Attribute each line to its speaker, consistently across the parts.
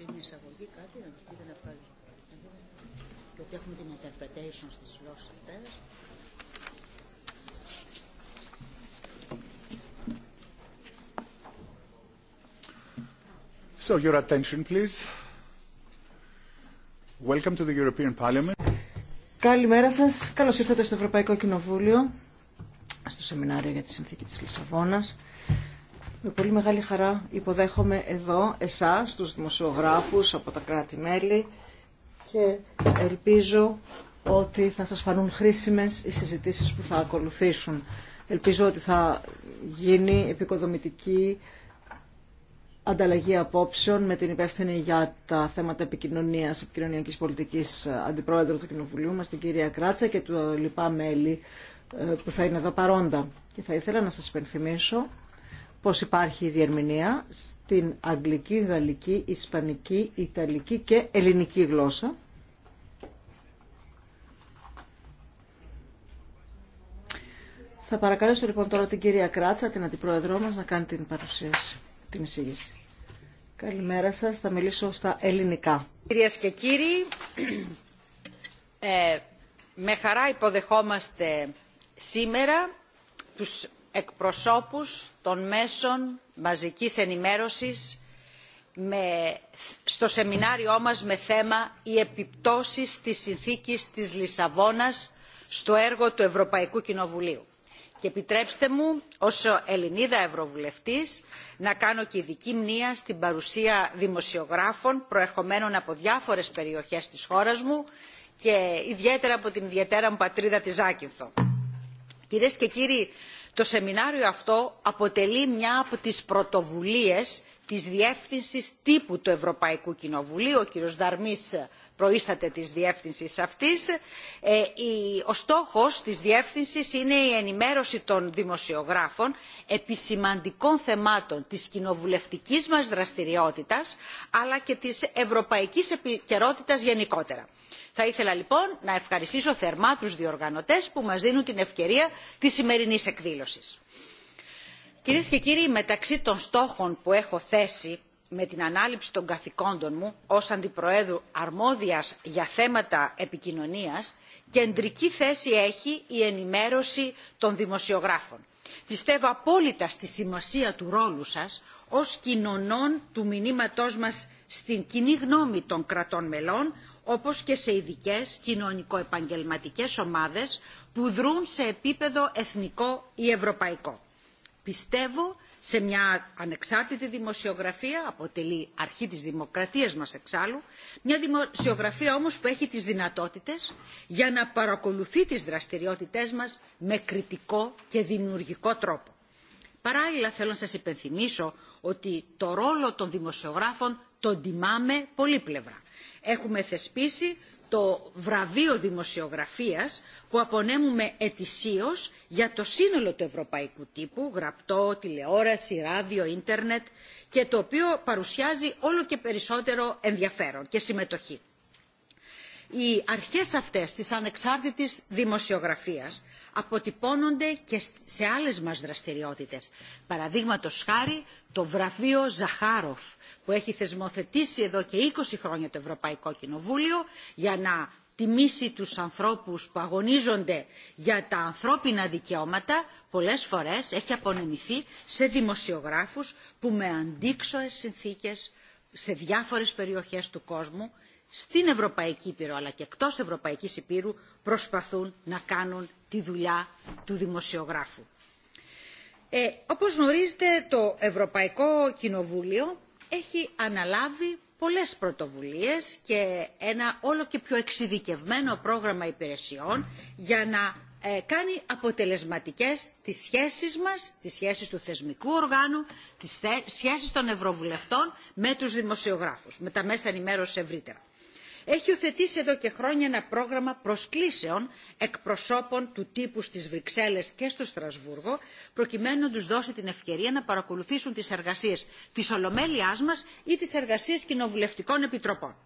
Speaker 1: εσείς μια εισαγωγή, κάτι να τους πείτε να βγάλουν. Και ότι έχουμε την interpretation στις γλώσσες αυτές. So your attention please. Welcome to the European Parliament.
Speaker 2: Καλημέρα σας. Καλώς ήρθατε στο Ευρωπαϊκό Κοινοβούλιο, στο σεμινάριο για τη Συνθήκη της Λισαβόνας. Με πολύ μεγάλη χαρά υποδέχομαι εδώ εσάς, τους δημοσιογράφους από τα κράτη-μέλη και ελπίζω ότι θα σας φανούν χρήσιμες οι συζητήσεις που θα ακολουθήσουν. Ελπίζω ότι θα γίνει επικοδομητική ανταλλαγή απόψεων με την υπεύθυνη για τα θέματα επικοινωνίας, επικοινωνιακής πολιτικής αντιπρόεδρο του Κοινοβουλίου μας, την κυρία Κράτσα και του λοιπά μέλη ε, που θα είναι εδώ παρόντα. Και θα ήθελα να σας υπενθυμίσω πως υπάρχει η διερμηνία στην αγγλική, γαλλική, ισπανική, ιταλική και ελληνική γλώσσα. Θα παρακαλέσω λοιπόν τώρα την κυρία Κράτσα, την αντιπρόεδρό μας, να κάνει την παρουσίαση, την εισήγηση. Καλημέρα σας, θα μιλήσω στα ελληνικά. Κυρίες και κύριοι,
Speaker 1: ε, με χαρά υποδεχόμαστε σήμερα τους εκπροσώπους των μέσων μαζικής ενημέρωσης με, στο σεμινάριό μας με θέμα «Οι επιπτώσεις της συνθήκης της Λισαβόνας στο έργο του Ευρωπαϊκού Κοινοβουλίου». Και επιτρέψτε μου, ως Ελληνίδα Ευρωβουλευτής, να κάνω και ειδική μνήμα στην παρουσία δημοσιογράφων προερχομένων από διάφορες περιοχές της χώρας μου και ιδιαίτερα από την ιδιαίτερα μου πατρίδα τη Ζάκυνθο. Κυρίες και κύριοι, το σεμινάριο αυτό αποτελεί μια από τις πρωτοβουλίες της Διεύθυνσης Τύπου του Ευρωπαϊκού Κοινοβουλίου. Ο κ προείσταται της διεύθυνσης αυτής. Ε, ο στόχος της διεύθυνσης είναι η ενημέρωση των δημοσιογράφων επί θεμάτων της κοινοβουλευτικής μας δραστηριότητας αλλά και της ευρωπαϊκής επικαιρότητα γενικότερα. Θα ήθελα λοιπόν να ευχαριστήσω θερμά τους διοργανωτές που μας δίνουν την ευκαιρία της σημερινής εκδήλωσης. Κυρίες και κύριοι, μεταξύ των στόχων που έχω θέσει με την ανάληψη των καθηκόντων μου ως Αντιπροέδρου αρμόδιας για θέματα επικοινωνίας, κεντρική θέση έχει η ενημέρωση των δημοσιογράφων. Πιστεύω απόλυτα στη σημασία του ρόλου σας ως κοινωνών του μηνύματός μας στην κοινή γνώμη των κρατών μελών, όπως και σε ειδικέ κοινωνικο-επαγγελματικές ομάδες που δρούν σε επίπεδο εθνικό ή ευρωπαϊκό. Πιστεύω σε μια ανεξάρτητη δημοσιογραφία, αποτελεί αρχή της δημοκρατίας μας εξάλλου, μια δημοσιογραφία όμως που έχει τις δυνατότητες για να παρακολουθεί τις δραστηριότητές μας με κριτικό και δημιουργικό τρόπο. Παράλληλα θέλω να σας υπενθυμίσω ότι το ρόλο των δημοσιογράφων τον τιμάμε πολύπλευρα. Έχουμε θεσπίσει το βραβείο δημοσιογραφίας που απονέμουμε ετησίως για το σύνολο του ευρωπαϊκού τύπου, γραπτό, τηλεόραση, ράδιο, ίντερνετ και το οποίο παρουσιάζει όλο και περισσότερο ενδιαφέρον και συμμετοχή. Οι αρχές αυτές της ανεξάρτητης δημοσιογραφίας αποτυπώνονται και σε άλλες μας δραστηριότητες. Παραδείγματος χάρη το βραβείο Ζαχάροφ που έχει θεσμοθετήσει εδώ και 20 χρόνια το Ευρωπαϊκό Κοινοβούλιο για να τιμήσει τους ανθρώπους που αγωνίζονται για τα ανθρώπινα δικαιώματα πολλές φορές έχει απονεμηθεί σε δημοσιογράφους που με αντίξωες συνθήκες σε διάφορες περιοχές του κόσμου στην Ευρωπαϊκή Ήπειρο αλλά και εκτός Ευρωπαϊκής Ήπειρου προσπαθούν να κάνουν τη δουλειά του δημοσιογράφου. Ε, όπως γνωρίζετε το Ευρωπαϊκό Κοινοβούλιο έχει αναλάβει πολλές πρωτοβουλίες και ένα όλο και πιο εξειδικευμένο πρόγραμμα υπηρεσιών για να ε, κάνει αποτελεσματικές τις σχέσεις μας, τις σχέσεις του θεσμικού οργάνου, τις σχέσεις των ευρωβουλευτών με τους δημοσιογράφους, με τα μέσα ενημέρωση ευρύτερα έχει οθετήσει εδώ και χρόνια ένα πρόγραμμα προσκλήσεων εκπροσώπων του τύπου στις Βρυξέλλες και στο Στρασβούργο προκειμένου να τους δώσει την ευκαιρία να παρακολουθήσουν τις εργασίες της Ολομέλειάς μας ή τις εργασίες κοινοβουλευτικών επιτροπών.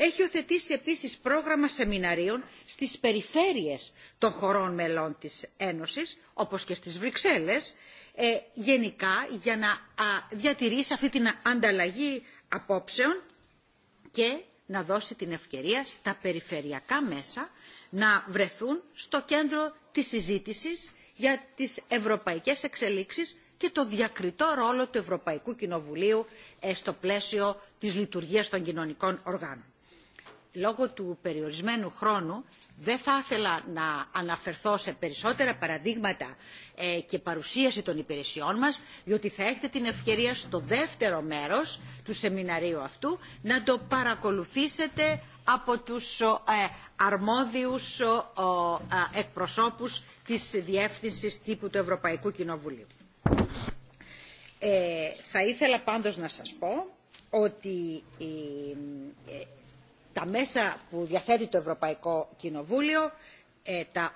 Speaker 1: Έχει οθετήσει επίσης πρόγραμμα σεμιναρίων στις περιφέρειες των χωρών μελών της Ένωσης, όπως και στις Βρυξέλλες, ε, γενικά για να διατηρήσει αυτή την ανταλλαγή απόψεων και να δώσει την ευκαιρία στα περιφερειακά μέσα να βρεθούν στο κέντρο της συζήτησης για τις ευρωπαϊκές εξελίξεις και το διακριτό ρόλο του Ευρωπαϊκού Κοινοβουλίου ε, στο πλαίσιο της λειτουργίας των κοινωνικών οργάνων λόγω του περιορισμένου χρόνου δεν θα ήθελα να αναφερθώ σε περισσότερα παραδείγματα ε, και παρουσίαση των υπηρεσιών μας, διότι θα έχετε την ευκαιρία στο δεύτερο μέρος του σεμιναρίου αυτού να το παρακολουθήσετε από τους ε, αρμόδιους εκπροσώπους της Διεύθυνσης Τύπου του Ευρωπαϊκού Κοινοβουλίου. Ε, θα ήθελα πάντως να σας πω ότι ε, τα μέσα που διαθέτει το Ευρωπαϊκό Κοινοβούλιο, ε, τα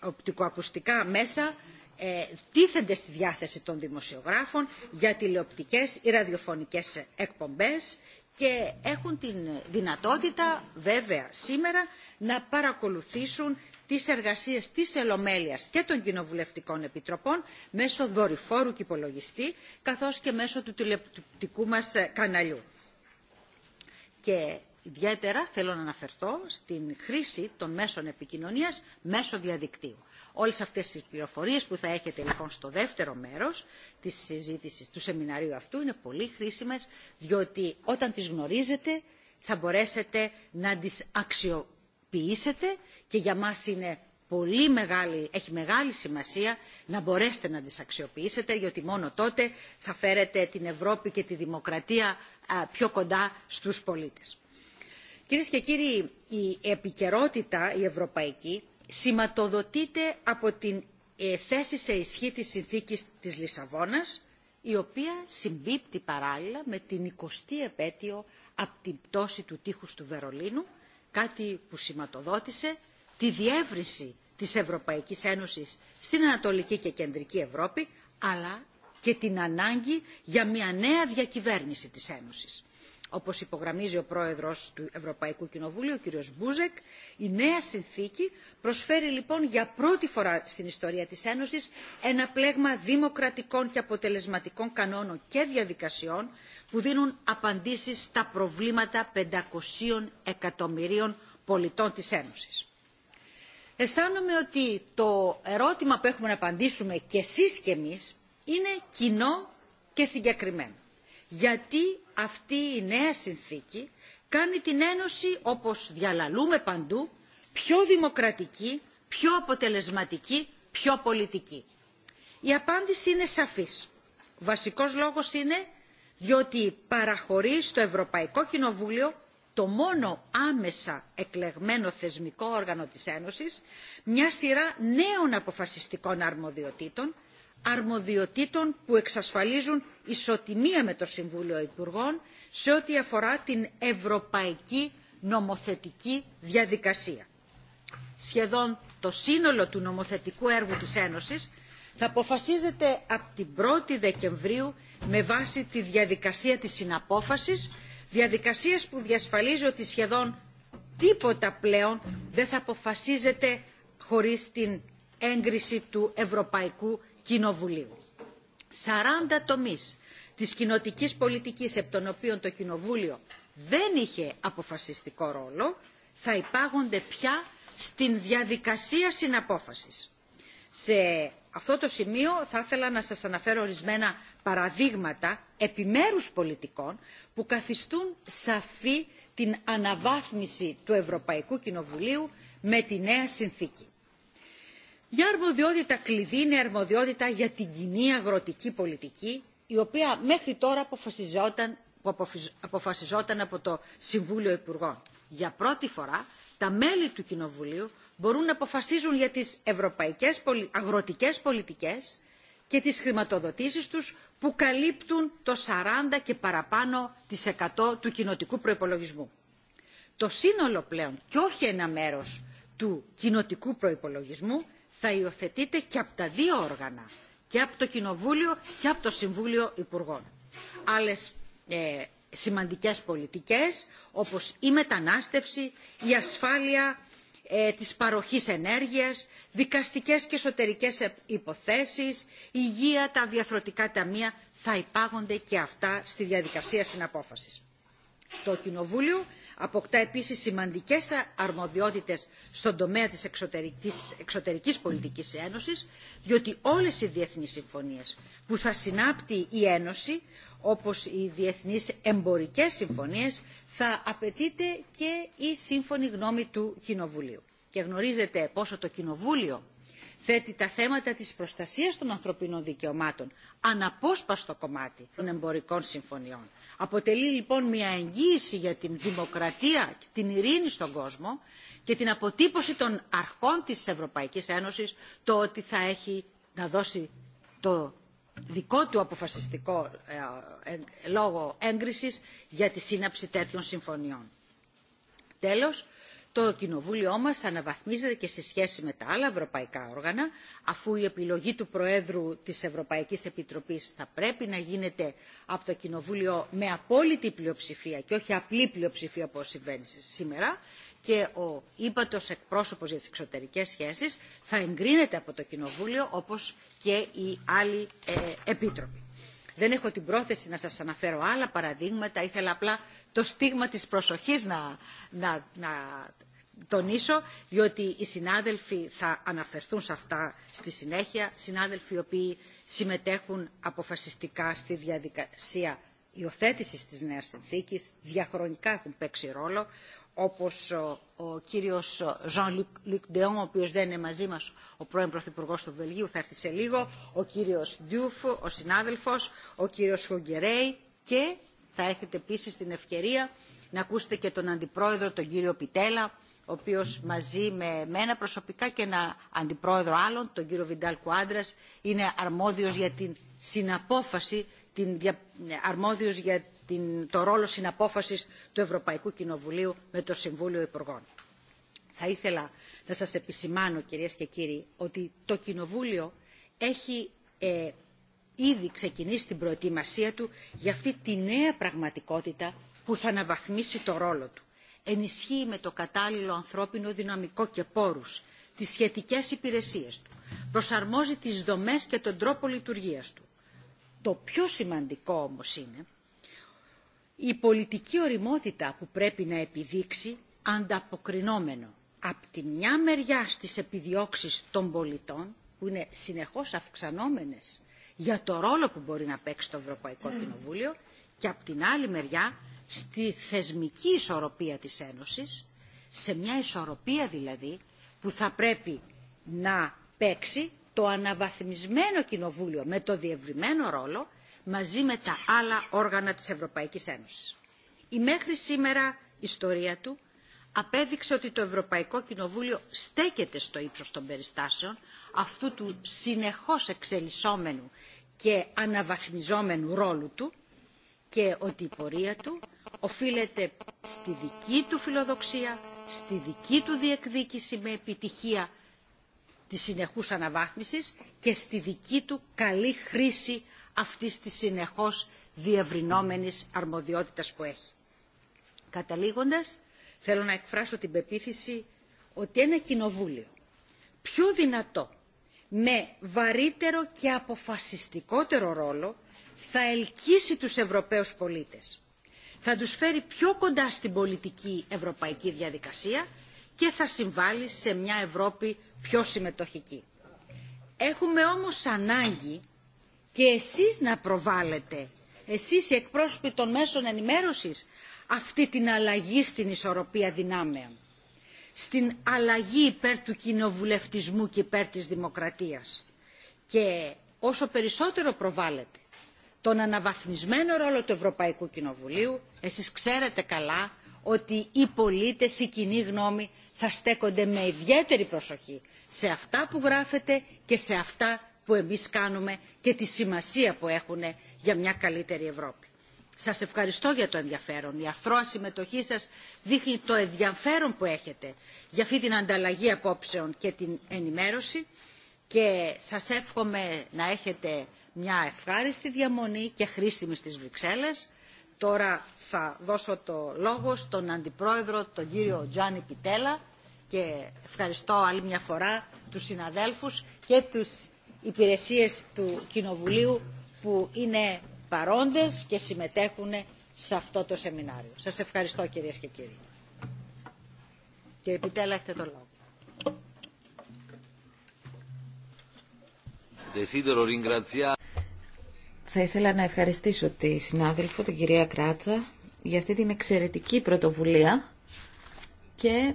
Speaker 1: οπτικοακουστικά μέσα ε, τίθενται στη διάθεση των δημοσιογράφων για τηλεοπτικές ή ραδιοφωνικές εκπομπές και έχουν την δυνατότητα βέβαια σήμερα να παρακολουθήσουν τις εργασίες της Ελομέλειας και των Κοινοβουλευτικών Επιτροπών μέσω δορυφόρου και υπολογιστή καθώς και μέσω του τηλεοπτικού μας ε, καναλιού. Και Ιδιαίτερα θέλω να αναφερθώ στην χρήση των μέσων επικοινωνίας μέσω διαδικτύου. Όλες αυτές οι πληροφορίες που θα έχετε λοιπόν στο δεύτερο μέρος της συζήτησης του σεμιναρίου αυτού είναι πολύ χρήσιμες διότι όταν τις γνωρίζετε θα μπορέσετε να τις αξιοποιήσετε και για μας είναι πολύ μεγάλη, έχει μεγάλη σημασία να μπορέσετε να τις αξιοποιήσετε διότι μόνο τότε θα φέρετε την Ευρώπη και τη δημοκρατία πιο κοντά στους πολίτες. Κυρίε και κύριοι, η επικαιρότητα η ευρωπαϊκή σηματοδοτείται από την ε, θέση σε ισχύ της συνθήκης της Λισαβόνας, η οποία συμπίπτει παράλληλα με την 20η επέτειο από την πτώση του τείχους του Βερολίνου, κάτι που σηματοδότησε τη διεύρυνση της Ευρωπαϊκής Ένωσης στην Ανατολική και Κεντρική Ευρώπη, αλλά και την ανάγκη για μια νέα διακυβέρνηση της Ένωσης όπως υπογραμμίζει ο πρόεδρος του Ευρωπαϊκού Κοινοβουλίου, ο κ. Μπούζεκ, η νέα συνθήκη προσφέρει λοιπόν για πρώτη φορά στην ιστορία της Ένωσης ένα πλέγμα δημοκρατικών και αποτελεσματικών κανόνων και διαδικασιών που δίνουν απαντήσεις στα προβλήματα 500 εκατομμυρίων πολιτών της Ένωσης. Αισθάνομαι ότι το ερώτημα που έχουμε να απαντήσουμε κι εσείς και εμείς είναι κοινό και συγκεκριμένο. Γιατί αυτή η νέα συνθήκη κάνει την Ένωση, όπως διαλαλούμε παντού, πιο δημοκρατική, πιο αποτελεσματική, πιο πολιτική. Η απάντηση είναι σαφής. βασικός λόγος είναι διότι παραχωρεί στο Ευρωπαϊκό Κοινοβούλιο το μόνο άμεσα εκλεγμένο θεσμικό όργανο της Ένωσης μια σειρά νέων αποφασιστικών αρμοδιοτήτων αρμοδιοτήτων που εξασφαλίζουν ισοτιμία με το Συμβούλιο Υπουργών σε ό,τι αφορά την ευρωπαϊκή νομοθετική διαδικασία. Σχεδόν το σύνολο του νομοθετικού έργου της Ένωσης θα αποφασίζεται από την 1η Δεκεμβρίου με βάση τη διαδικασία της συναπόφασης, διαδικασίας που διασφαλίζει ότι σχεδόν τίποτα πλέον δεν θα αποφασίζεται χωρίς την έγκριση του Ευρωπαϊκού Κοινοβουλίου. 40 τομείς της κοινοτικής πολιτικής, επ' των το Κοινοβούλιο δεν είχε αποφασιστικό ρόλο, θα υπάγονται πια στην διαδικασία συναπόφασης. Σε αυτό το σημείο θα ήθελα να σας αναφέρω ορισμένα παραδείγματα επιμέρους πολιτικών που καθιστούν σαφή την αναβάθμιση του Ευρωπαϊκού Κοινοβουλίου με τη νέα συνθήκη. Μια αρμοδιότητα κλειδί είναι αρμοδιότητα για την κοινή αγροτική πολιτική, η οποία μέχρι τώρα αποφασιζόταν, αποφασιζόταν από το Συμβούλιο Υπουργών. Για πρώτη φορά, τα μέλη του Κοινοβουλίου μπορούν να αποφασίζουν για τις ευρωπαϊκές αγροτικές πολιτικές και τις χρηματοδοτήσεις τους που καλύπτουν το 40 και παραπάνω της 100 του κοινοτικού προϋπολογισμού. Το σύνολο πλέον και όχι ένα μέρος του κοινοτικού προϋπολογισμού θα υιοθετείται και από τα δύο όργανα, και από το Κοινοβούλιο και από το Συμβούλιο Υπουργών. Άλλες ε, σημαντικές πολιτικές, όπως η μετανάστευση, η ασφάλεια ε, της παροχής ενέργειας, δικαστικές και εσωτερικές υποθέσεις, υγεία, τα διαφορετικά ταμεία, θα υπάγονται και αυτά στη διαδικασία συναπόφασης. Το Κοινοβούλιο αποκτά επίσης σημαντικές αρμοδιότητες στον τομέα της εξωτερικής, εξωτερικής πολιτικής ένωσης, διότι όλες οι διεθνείς συμφωνίες που θα συνάπτει η Ένωση, όπως οι διεθνείς εμπορικές συμφωνίες, θα απαιτείται και η σύμφωνη γνώμη του Κοινοβουλίου. Και γνωρίζετε πόσο το Κοινοβούλιο θέτει τα θέματα της προστασίας των ανθρωπίνων δικαιωμάτων αναπόσπαστο κομμάτι των εμπορικών συμφωνιών. Αποτελεί λοιπόν μια εγγύηση για την δημοκρατία και την ειρήνη στον κόσμο και την αποτύπωση των αρχών της Ευρωπαϊκής Ένωσης το ότι θα έχει να δώσει το δικό του αποφασιστικό ε, ε, λόγο έγκρισης για τη σύναψη τέτοιων συμφωνιών. Τέλος, το κοινοβούλιο μας αναβαθμίζεται και σε σχέση με τα άλλα ευρωπαϊκά όργανα αφού η επιλογή του προέδρου της ευρωπαϊκής επιτροπής θα πρέπει να γίνεται από το κοινοβούλιο με απόλυτη πλειοψηφία και όχι απλή πλειοψηφία όπως συμβαίνει σήμερα και ο ύπατος εκπρόσωπος για τις εξωτερικές σχέσεις θα εγκρίνεται από το κοινοβούλιο όπως και οι άλλοι ε, επίτροποι. Δεν έχω την πρόθεση να σας αναφέρω άλλα παραδείγματα, ήθελα απλά το στίγμα της προσοχής να, να, τονίσω, διότι οι συνάδελφοι θα αναφερθούν σε αυτά στη συνέχεια, συνάδελφοι οι οποίοι συμμετέχουν αποφασιστικά στη διαδικασία υιοθέτηση της νέας συνθήκης, διαχρονικά έχουν παίξει ρόλο, όπως ο κύριος Jean-Luc ο οποίος δεν είναι μαζί μας, ο πρώην Πρωθυπουργός του Βελγίου, θα έρθει σε λίγο, ο κύριος Ντιούφ, ο συνάδελφος, ο κύριος Χογκερέη και θα έχετε επίση την ευκαιρία να ακούσετε και τον Αντιπρόεδρο, τον κύριο Πιτέλα, ο οποίος μαζί με μένα προσωπικά και ένα αντιπρόεδρο άλλων, τον κύριο Βιντάλ Κουάντρας, είναι αρμόδιος για την συναπόφαση, την αρμόδιος για το ρόλο συναπόφασης του Ευρωπαϊκού Κοινοβουλίου με το Συμβούλιο Υπουργών. Θα ήθελα να σας επισημάνω, κυρίες και κύριοι, ότι το Κοινοβούλιο έχει ε, ήδη ξεκινήσει την προετοιμασία του για αυτή τη νέα πραγματικότητα που θα αναβαθμίσει το ρόλο του. Ενισχύει με το κατάλληλο ανθρώπινο δυναμικό και πόρους τις σχετικές υπηρεσίες του. Προσαρμόζει τις δομές και τον τρόπο λειτουργίας του. Το πιο σημαντικό όμως είναι η πολιτική οριμότητα που πρέπει να επιδείξει ανταποκρινόμενο από τη μια μεριά στις επιδιώξεις των πολιτών που είναι συνεχώς αυξανόμενες για το ρόλο που μπορεί να παίξει το Ευρωπαϊκό mm. Κοινοβούλιο και από την άλλη μεριά στη θεσμική ισορροπία της Ένωσης, σε μια ισορροπία δηλαδή που θα πρέπει να παίξει το αναβαθμισμένο κοινοβούλιο με το διευρυμένο ρόλο μαζί με τα άλλα όργανα της Ευρωπαϊκής Ένωσης. Η μέχρι σήμερα ιστορία του απέδειξε ότι το Ευρωπαϊκό Κοινοβούλιο στέκεται στο ύψος των περιστάσεων αυτού του συνεχώς εξελισσόμενου και αναβαθμιζόμενου ρόλου του και ότι η πορεία του οφείλεται στη δική του φιλοδοξία, στη δική του διεκδίκηση με επιτυχία της συνεχούς αναβάθμισης και στη δική του καλή χρήση αυτής της συνεχώς διευρυνόμενης αρμοδιότητας που έχει. Καταλήγοντας, θέλω να εκφράσω την πεποίθηση ότι ένα κοινοβούλιο πιο δυνατό, με βαρύτερο και αποφασιστικότερο ρόλο, θα ελκύσει τους Ευρωπαίους πολίτες. Θα τους φέρει πιο κοντά στην πολιτική ευρωπαϊκή διαδικασία και θα συμβάλλει σε μια Ευρώπη πιο συμμετοχική. Έχουμε όμως ανάγκη και εσείς να προβάλλετε, εσείς οι εκπρόσωποι των μέσων ενημέρωσης, αυτή την αλλαγή στην ισορροπία δυνάμεων, στην αλλαγή υπέρ του κοινοβουλευτισμού και υπέρ της δημοκρατίας. Και όσο περισσότερο προβάλλετε τον αναβαθμισμένο ρόλο του Ευρωπαϊκού Κοινοβουλίου, εσείς ξέρετε καλά ότι οι πολίτες, η κοινή γνώμη θα στέκονται με ιδιαίτερη προσοχή σε αυτά που γράφετε και σε αυτά που εμείς κάνουμε και τη σημασία που έχουν για μια καλύτερη Ευρώπη. Σας ευχαριστώ για το ενδιαφέρον. Η αφρόα συμμετοχή σας δείχνει το ενδιαφέρον που έχετε για αυτή την ανταλλαγή απόψεων και την ενημέρωση και σας εύχομαι να έχετε μια ευχάριστη διαμονή και χρήσιμη στις Βρυξέλλες. Τώρα θα δώσω το λόγο στον Αντιπρόεδρο, τον κύριο Τζάνι Πιτέλα και ευχαριστώ άλλη μια φορά τους συναδέλφους και τους υπηρεσίες του Κοινοβουλίου που είναι παρόντες και συμμετέχουν σε αυτό το σεμινάριο. Σας ευχαριστώ κυρίες και κύριοι.
Speaker 3: Κύριε Πιτέλα, έχετε το λόγο. Θα ήθελα να ευχαριστήσω τη συνάδελφο, την κυρία Κράτσα, για αυτή την εξαιρετική πρωτοβουλία και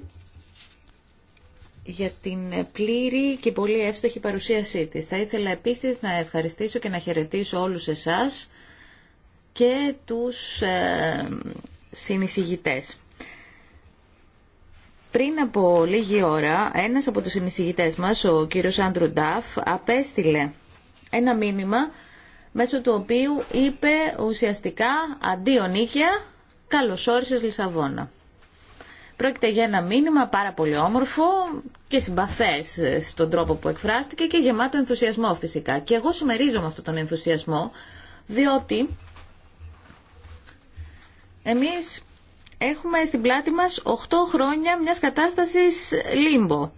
Speaker 3: για την πλήρη και πολύ εύστοχη παρουσίασή της. Θα ήθελα επίσης να ευχαριστήσω και να χαιρετήσω όλους εσάς και τους ε, Πριν από λίγη ώρα, ένας από τους συνεισηγητές μας, ο κύριος Άντρου Νταφ, απέστειλε ένα μήνυμα μέσω του οποίου είπε ουσιαστικά «Αντίο Νίκαια, καλωσόρισες Λισαβόνα». Πρόκειται για ένα μήνυμα πάρα πολύ όμορφο και συμπαθέ στον τρόπο που εκφράστηκε και γεμάτο ενθουσιασμό φυσικά. Και εγώ συμμερίζομαι αυτόν τον ενθουσιασμό, διότι εμείς έχουμε στην πλάτη μας 8 χρόνια μιας κατάστασης λίμπο.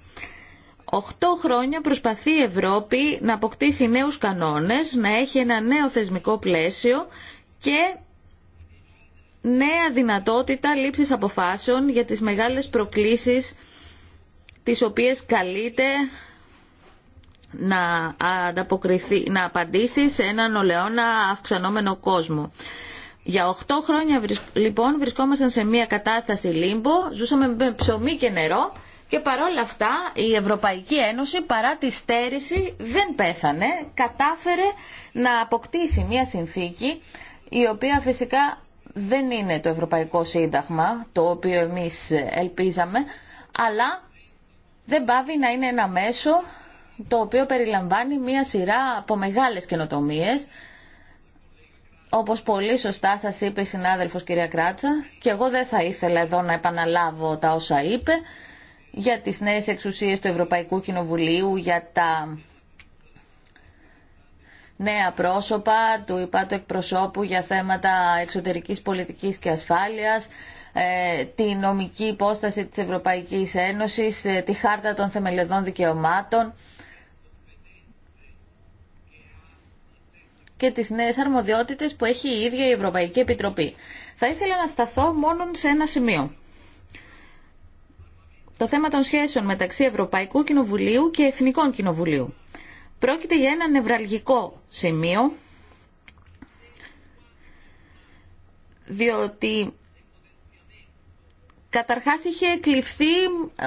Speaker 3: 8 χρόνια προσπαθεί η Ευρώπη να αποκτήσει νέους κανόνες, να έχει ένα νέο θεσμικό πλαίσιο και νέα δυνατότητα λήψης αποφάσεων για τις μεγάλες προκλήσεις τις οποίες καλείται να, να απαντήσει σε έναν ολαιόνα αυξανόμενο κόσμο. Για 8 χρόνια λοιπόν βρισκόμασταν σε μια κατάσταση λίμπο, ζούσαμε με ψωμί και νερό και παρόλα αυτά η Ευρωπαϊκή Ένωση παρά τη στέρηση δεν πέθανε, κατάφερε να αποκτήσει μια συνθήκη η οποία φυσικά δεν είναι το Ευρωπαϊκό Σύνταγμα, το οποίο εμείς ελπίζαμε, αλλά δεν πάβει να είναι ένα μέσο το οποίο περιλαμβάνει μία σειρά από μεγάλες καινοτομίε, όπως πολύ σωστά σας είπε η συνάδελφος κυρία Κράτσα, και εγώ δεν θα ήθελα εδώ να επαναλάβω τα όσα είπε για τις νέες εξουσίες του Ευρωπαϊκού Κοινοβουλίου, για τα νέα πρόσωπα του υπάτου εκπροσώπου για θέματα εξωτερικής πολιτικής και ασφάλειας, ε, τη νομική υπόσταση της Ευρωπαϊκής Ένωσης, ε, τη χάρτα των θεμελιωδών δικαιωμάτων και τις νέες αρμοδιότητες που έχει η ίδια η Ευρωπαϊκή Επιτροπή. Θα ήθελα να σταθώ μόνο σε ένα σημείο. Το θέμα των σχέσεων μεταξύ Ευρωπαϊκού Κοινοβουλίου και Εθνικών Κοινοβουλίου. Πρόκειται για ένα νευραλγικό σημείο, διότι Καταρχάς είχε εκλειφθεί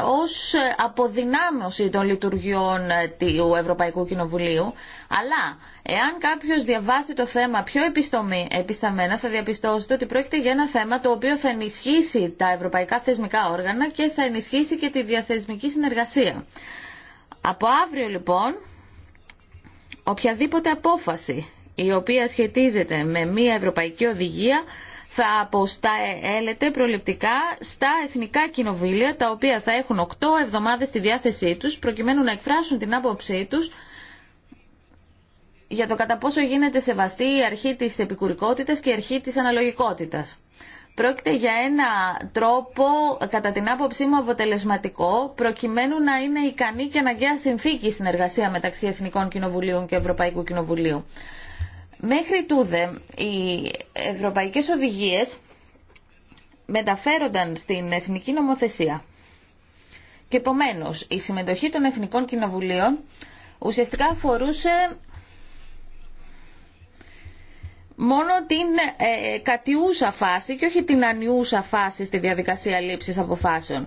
Speaker 3: ως αποδυνάμωση των λειτουργιών του Ευρωπαϊκού Κοινοβουλίου, αλλά εάν κάποιος διαβάσει το θέμα πιο επιστομή, επισταμένα θα διαπιστώσετε ότι πρόκειται για ένα θέμα το οποίο θα ενισχύσει τα ευρωπαϊκά θεσμικά όργανα και θα ενισχύσει και τη διαθεσμική συνεργασία. Από αύριο λοιπόν οποιαδήποτε απόφαση η οποία σχετίζεται με μια ευρωπαϊκή οδηγία θα αποσταέλεται προληπτικά στα εθνικά κοινοβούλια τα οποία θα έχουν 8 εβδομάδες στη διάθεσή τους προκειμένου να εκφράσουν την άποψή τους για το κατά πόσο γίνεται σεβαστή η αρχή της επικουρικότητας και η αρχή της αναλογικότητας. Πρόκειται για ένα τρόπο, κατά την άποψή μου, αποτελεσματικό, προκειμένου να είναι ικανή και αναγκαία συνθήκη η συνεργασία μεταξύ Εθνικών Κοινοβουλίων και Ευρωπαϊκού Κοινοβουλίου. Μέχρι τούδε, οι ευρωπαϊκές οδηγίες μεταφέρονταν στην Εθνική Νομοθεσία. Και επομένως, η συμμετοχή των Εθνικών Κοινοβουλίων ουσιαστικά αφορούσε μόνο την ε, κατιούσα φάση και όχι την ανιούσα φάση στη διαδικασία λήψης αποφάσεων.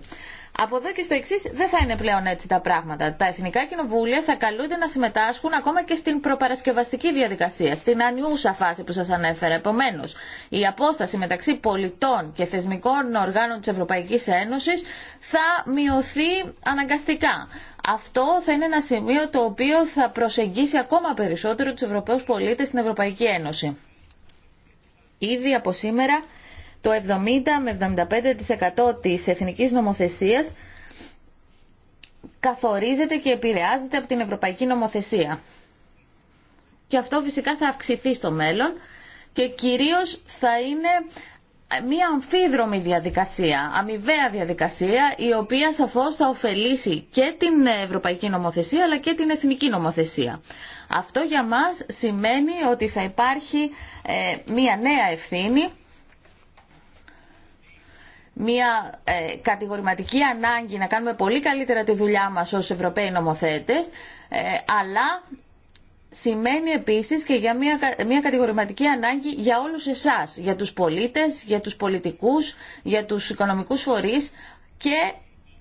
Speaker 3: Από εδώ και στο εξή δεν θα είναι πλέον έτσι τα πράγματα. Τα εθνικά κοινοβούλια θα καλούνται να συμμετάσχουν ακόμα και στην προπαρασκευαστική διαδικασία, στην ανιούσα φάση που σας ανέφερα. Επομένω, η απόσταση μεταξύ πολιτών και θεσμικών οργάνων της Ευρωπαϊκής Ένωσης θα μειωθεί αναγκαστικά. Αυτό θα είναι ένα σημείο το οποίο θα προσεγγίσει ακόμα περισσότερο τους Ευρωπαίου πολίτε στην Ευρωπαϊκή Ένωση ήδη από σήμερα το 70 με 75% της εθνικής νομοθεσίας καθορίζεται και επηρεάζεται από την ευρωπαϊκή νομοθεσία. Και αυτό φυσικά θα αυξηθεί στο μέλλον και κυρίως θα είναι μια αμφίδρομη διαδικασία, αμοιβαία διαδικασία, η οποία σαφώς θα ωφελήσει και την ευρωπαϊκή νομοθεσία αλλά και την εθνική νομοθεσία. Αυτό για μας σημαίνει ότι θα υπάρχει ε, μία νέα ευθύνη, μία ε, κατηγορηματική ανάγκη να κάνουμε πολύ καλύτερα τη δουλειά μας ως Ευρωπαίοι νομοθέτες, ε, αλλά σημαίνει επίσης και για μια, μια κατηγορηματική ανάγκη για όλους εσάς, για τους πολίτες, για τους πολιτικούς, για τους οικονομικούς φορείς και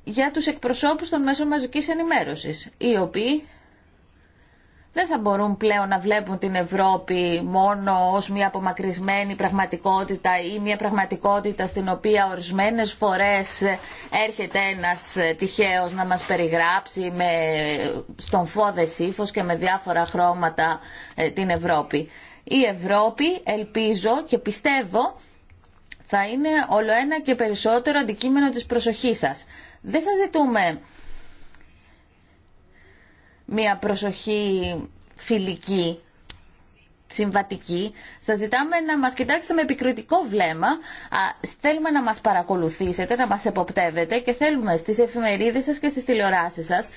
Speaker 3: για τους εκπροσώπους των μέσων μαζικής ενημέρωσης, οι οποίοι δεν θα μπορούν πλέον να βλέπουν την Ευρώπη μόνο ως μια απομακρυσμένη πραγματικότητα ή μια πραγματικότητα στην οποία ορισμένες φορές έρχεται ένας τυχαίος να μας περιγράψει με στον φόδες ύφος και με διάφορα χρώματα ε, την Ευρώπη. Η Ευρώπη ελπίζω και πιστεύω θα είναι όλο ένα και περισσότερο αντικείμενο της προσοχής σας. Δεν σας ζητούμε μια προσοχή φιλική, συμβατική. Σας ζητάμε να μας κοιτάξετε με επικριτικό βλέμμα. Θέλουμε να μας παρακολουθήσετε, να μας εποπτεύετε και θέλουμε στις εφημερίδες σας και στις τηλεοράσεις σας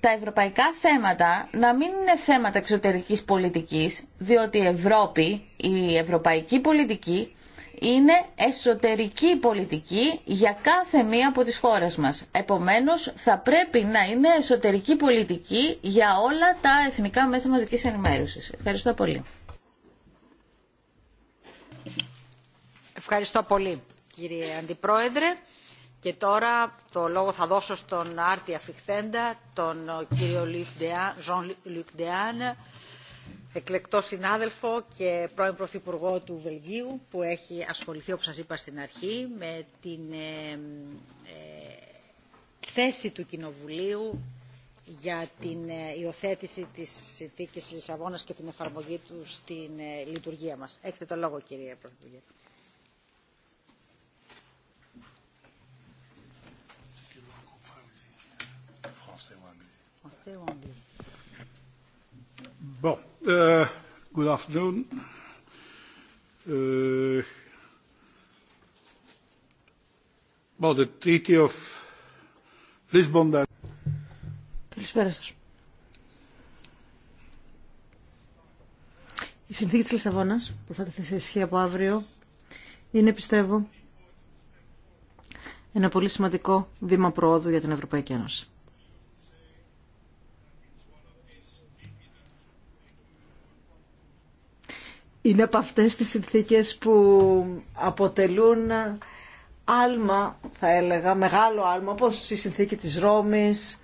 Speaker 3: τα ευρωπαϊκά θέματα να μην είναι θέματα εξωτερικής πολιτικής, διότι η Ευρώπη, η ευρωπαϊκή πολιτική είναι εσωτερική πολιτική για κάθε μία από τις χώρες μας. Επομένως, θα πρέπει να είναι εσωτερική πολιτική για όλα τα εθνικά μέσα μαζικής ενημέρωσης. Ευχαριστώ πολύ.
Speaker 1: Ευχαριστώ πολύ, κύριε Αντιπρόεδρε. Και τώρα το λόγο θα δώσω στον Άρτη Αφιχθέντα, τον κύριο Λουκ Ντεάν, εκλεκτό συνάδελφο και πρώην Πρωθυπουργό του Βελγίου που έχει ασχοληθεί, όπως σας είπα στην αρχή, με την ε, θέση του Κοινοβουλίου για την ε, υιοθέτηση της συνθήκης Λισαβόνας και την εφαρμογή του στην ε, λειτουργία μας. Έχετε το λόγο, κυρία Πρωθυπουργέ.
Speaker 3: Uh, good afternoon. Uh,
Speaker 2: Καλησπέρα σας. Η συνθήκη της Λισαβόνας που θα τεθεί σε ισχύ από αύριο είναι, πιστεύω, ένα πολύ σημαντικό βήμα προόδου για την Ευρωπαϊκή Ένωση. είναι από αυτές τις συνθήκες που αποτελούν άλμα, θα έλεγα, μεγάλο άλμα, όπως η συνθήκη της Ρώμης,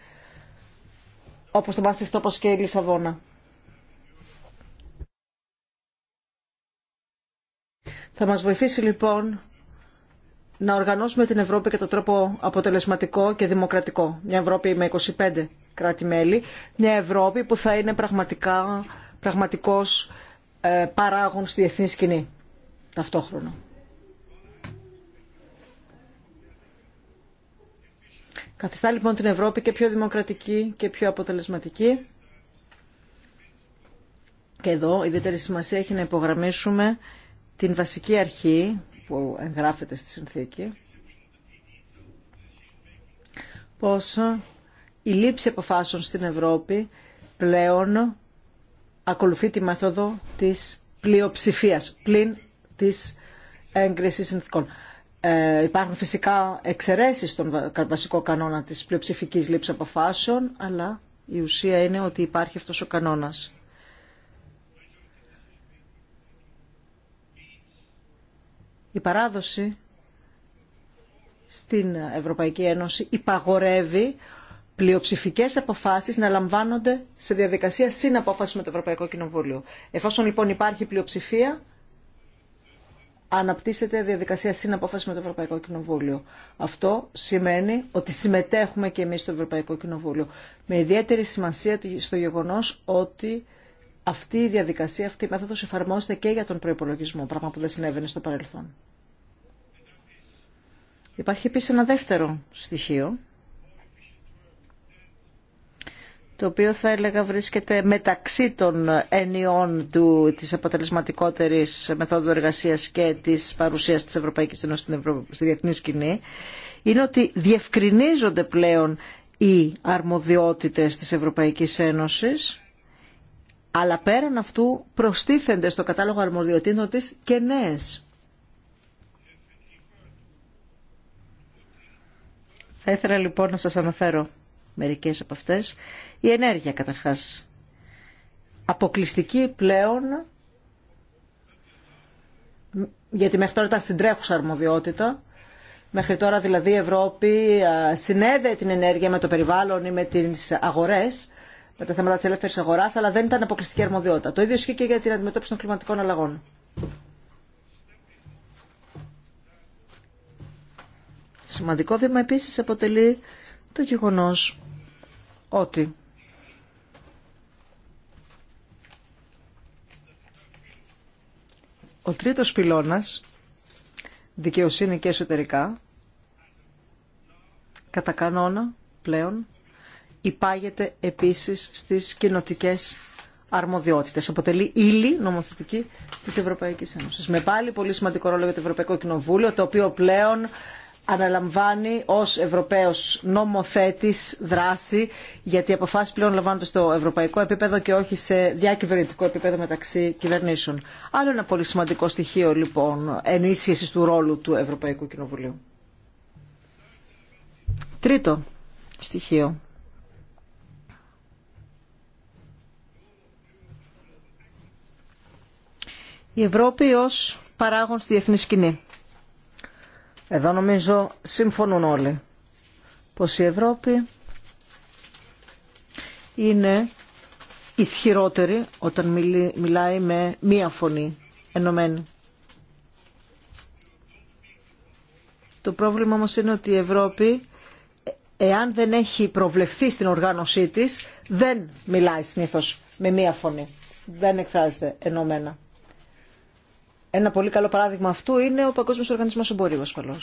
Speaker 2: όπως το Μάστριχτ, όπως και η Λισαβόνα. Θα μας βοηθήσει λοιπόν να οργανώσουμε την Ευρώπη κατά τρόπο αποτελεσματικό και δημοκρατικό. Μια Ευρώπη με 25 κράτη-μέλη, μια Ευρώπη που θα είναι πραγματικά, πραγματικός ε, παράγουν στη διεθνή σκηνή ταυτόχρονα. Καθιστά λοιπόν την Ευρώπη και πιο δημοκρατική και πιο αποτελεσματική. Και εδώ ιδιαίτερη σημασία έχει να υπογραμμίσουμε την βασική αρχή που εγγράφεται στη συνθήκη πως η λήψη αποφάσεων στην Ευρώπη πλέον ακολουθεί τη μέθοδο της πλειοψηφίας πλην της έγκρισης συνθήκων. Ε, υπάρχουν φυσικά εξαιρέσεις στον βασικό κανόνα της πλειοψηφικής λήψης αποφάσεων, αλλά η ουσία είναι ότι υπάρχει αυτός ο κανόνας. Η παράδοση στην Ευρωπαϊκή Ένωση υπαγορεύει πλειοψηφικές αποφάσει να λαμβάνονται σε διαδικασία συναπόφαση με το Ευρωπαϊκό Κοινοβούλιο. Εφόσον λοιπόν υπάρχει πλειοψηφία, αναπτύσσεται διαδικασία συναπόφαση με το Ευρωπαϊκό Κοινοβούλιο. Αυτό σημαίνει ότι συμμετέχουμε και εμεί στο Ευρωπαϊκό Κοινοβούλιο. Με ιδιαίτερη σημασία στο γεγονό ότι αυτή η διαδικασία, αυτή η μέθοδο εφαρμόζεται και για τον προπολογισμό, πράγμα που δεν συνέβαινε στο παρελθόν. Υπάρχει επίση ένα δεύτερο στοιχείο το οποίο θα έλεγα βρίσκεται μεταξύ των ενιών του, της αποτελεσματικότερης μεθόδου εργασίας και της παρουσίας της Ευρωπαϊκής Ένωσης στην, Ευρω... στη διεθνή σκηνή, είναι ότι διευκρινίζονται πλέον οι αρμοδιότητες της Ευρωπαϊκής Ένωσης, αλλά πέραν αυτού προστίθενται στο κατάλογο αρμοδιοτήτων της και νέες. Θα ήθελα λοιπόν να σας αναφέρω μερικές από αυτές. Η ενέργεια καταρχάς. Αποκλειστική πλέον, γιατί μέχρι τώρα ήταν συντρέχουσα αρμοδιότητα, Μέχρι τώρα δηλαδή η Ευρώπη συνέδεε την ενέργεια με το περιβάλλον ή με τις αγορές, με τα θέματα της ελεύθερης αγοράς, αλλά δεν ήταν αποκλειστική αρμοδιότητα. Το ίδιο ισχύει και για την αντιμετώπιση των κλιματικών αλλαγών. Σημαντικό βήμα επίσης αποτελεί το γεγονός ότι ο τρίτος πυλώνας, δικαιοσύνη και εσωτερικά, κατά κανόνα πλέον, υπάγεται επίσης στις κοινοτικέ αρμοδιότητες. Αποτελεί ύλη νομοθετική της Ευρωπαϊκής Ένωσης. Με πάλι πολύ σημαντικό ρόλο για το Ευρωπαϊκό Κοινοβούλιο, το οποίο πλέον αναλαμβάνει ως Ευρωπαίος νομοθέτης δράση, γιατί οι αποφάσεις πλέον λαμβάνονται στο ευρωπαϊκό επίπεδο και όχι σε διακυβερνητικό επίπεδο μεταξύ κυβερνήσεων. Άλλο ένα πολύ σημαντικό στοιχείο λοιπόν ενίσχυσης του ρόλου του Ευρωπαϊκού Κοινοβουλίου. Τρίτο στοιχείο. Η Ευρώπη ως παράγον στη διεθνή σκηνή. Εδώ νομίζω συμφωνούν όλοι πως η Ευρώπη είναι ισχυρότερη όταν μιλάει με μία φωνή ενωμένη. Το πρόβλημα όμως είναι ότι η Ευρώπη, εάν δεν έχει προβλεφθεί στην οργάνωσή της, δεν μιλάει συνήθως με μία φωνή. Δεν εκφράζεται ενωμένα. Ένα πολύ καλό παράδειγμα αυτού είναι ο Παγκόσμιο Οργανισμό Εμπορίου ασφαλώ.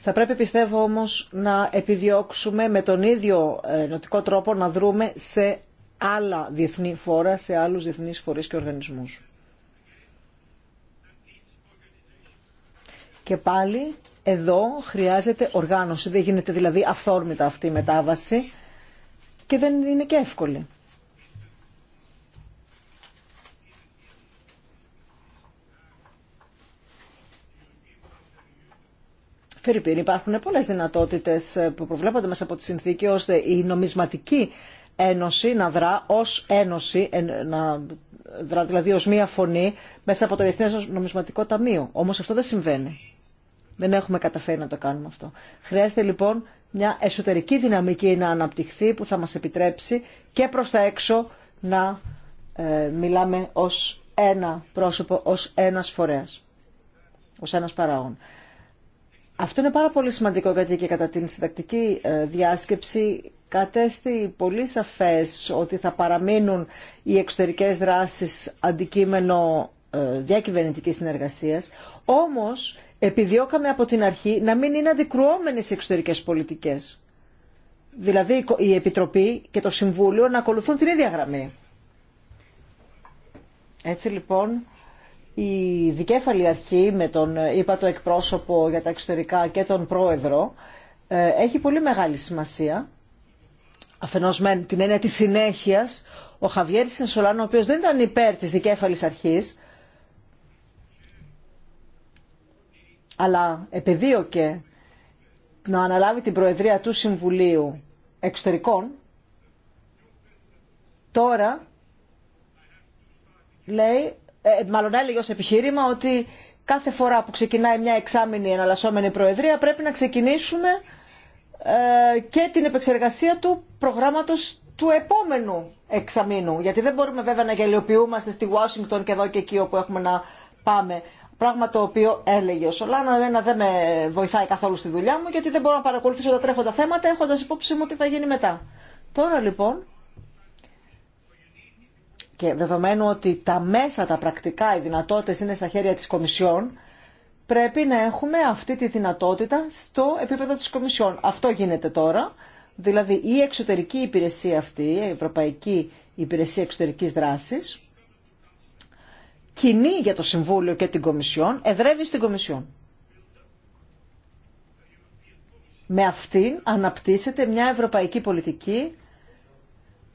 Speaker 2: Θα πρέπει πιστεύω όμως να επιδιώξουμε με τον ίδιο ε, νοτικό τρόπο να δρούμε σε άλλα διεθνή φόρα, σε άλλους διεθνείς φορείς και οργανισμούς. Και πάλι εδώ χρειάζεται οργάνωση, δεν γίνεται δηλαδή αυθόρμητα αυτή η μετάβαση και δεν είναι και εύκολη. Φερρυπίν, υπάρχουν πολλές δυνατότητες που προβλέπονται μέσα από τη συνθήκη ώστε η νομισματική ένωση να δρά ως ένωση, να δρά δηλαδή ως μία φωνή μέσα από το Διεθνές Νομισματικό Ταμείο. Όμως αυτό δεν συμβαίνει. Δεν έχουμε καταφέρει να το κάνουμε αυτό. Χρειάζεται λοιπόν μια εσωτερική δυναμική να αναπτυχθεί που θα μας επιτρέψει και προς τα έξω να ε, μιλάμε ως ένα πρόσωπο, ως ένας φορέας, ως ένας παράγων. Αυτό είναι πάρα πολύ σημαντικό γιατί και κατά την συντακτική ε, διάσκεψη κατέστη πολύ σαφές ότι θα παραμείνουν οι εξωτερικές δράσεις αντικείμενο ε, διακυβερνητικής συνεργασίας, όμως επιδιώκαμε από την αρχή να μην είναι αντικρουόμενες οι εξωτερικές πολιτικές. Δηλαδή η Επιτροπή και το Συμβούλιο να ακολουθούν την ίδια γραμμή. Έτσι λοιπόν η δικέφαλη αρχή με τον είπα το εκπρόσωπο για τα εξωτερικά και τον πρόεδρο ε, έχει πολύ μεγάλη σημασία αφενός με την έννοια της συνέχειας ο Χαβιέρης Σενσολάνο, ο οποίος δεν ήταν υπέρ της δικέφαλης αρχής αλλά επεδίωκε να αναλάβει την Προεδρία του Συμβουλίου Εξωτερικών, τώρα λέει, ε, μάλλον έλεγε ως επιχείρημα ότι κάθε φορά που ξεκινάει μια εξάμηνη εναλλασσόμενη Προεδρία πρέπει να ξεκινήσουμε ε, και την επεξεργασία του προγράμματος του επόμενου εξαμήνου. Γιατί δεν μπορούμε βέβαια να γελιοποιούμαστε στη Ουάσιγκτον και εδώ και εκεί όπου έχουμε να πάμε. Πράγμα το οποίο έλεγε ο Σολάνο, εμένα δεν με βοηθάει καθόλου στη δουλειά μου γιατί δεν μπορώ να παρακολουθήσω τα τρέχοντα θέματα έχοντα υπόψη μου τι θα γίνει μετά. Τώρα λοιπόν και δεδομένου ότι τα μέσα, τα πρακτικά, οι δυνατότητε είναι στα χέρια τη Κομισιόν, πρέπει να έχουμε αυτή τη δυνατότητα στο επίπεδο τη Κομισιόν. Αυτό γίνεται τώρα, δηλαδή η εξωτερική υπηρεσία αυτή, η Ευρωπαϊκή Υπηρεσία Εξωτερική δράση κοινή για το Συμβούλιο και την Κομισιόν εδρεύει στην Κομισιόν. Με αυτήν αναπτύσσεται μια ευρωπαϊκή πολιτική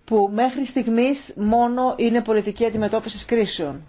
Speaker 2: που μέχρι στιγμής μόνο είναι πολιτική αντιμετώπισης κρίσεων.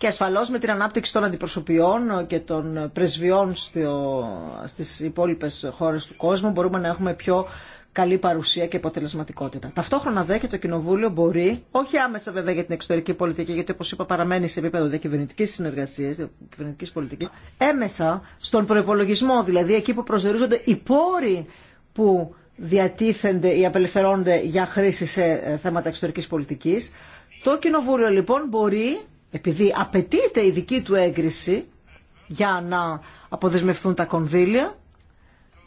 Speaker 2: και ασφαλώς με την ανάπτυξη των αντιπροσωπιών και των πρεσβειών στο, στις υπόλοιπες χώρες του κόσμου μπορούμε να έχουμε πιο καλή παρουσία και αποτελεσματικότητα. Ταυτόχρονα δε και το Κοινοβούλιο μπορεί, όχι άμεσα βέβαια για την εξωτερική πολιτική, γιατί όπω είπα παραμένει σε επίπεδο διακυβερνητική συνεργασία, διακυβερνητική πολιτική, έμεσα στον προπολογισμό, δηλαδή εκεί που προσδιορίζονται οι πόροι που διατίθενται ή απελευθερώνονται για χρήση σε ε, θέματα εξωτερικής πολιτικής. Το Κοινοβούλιο λοιπόν μπορεί επειδή απαιτείται η δική του έγκριση για να αποδεσμευθούν τα κονδύλια,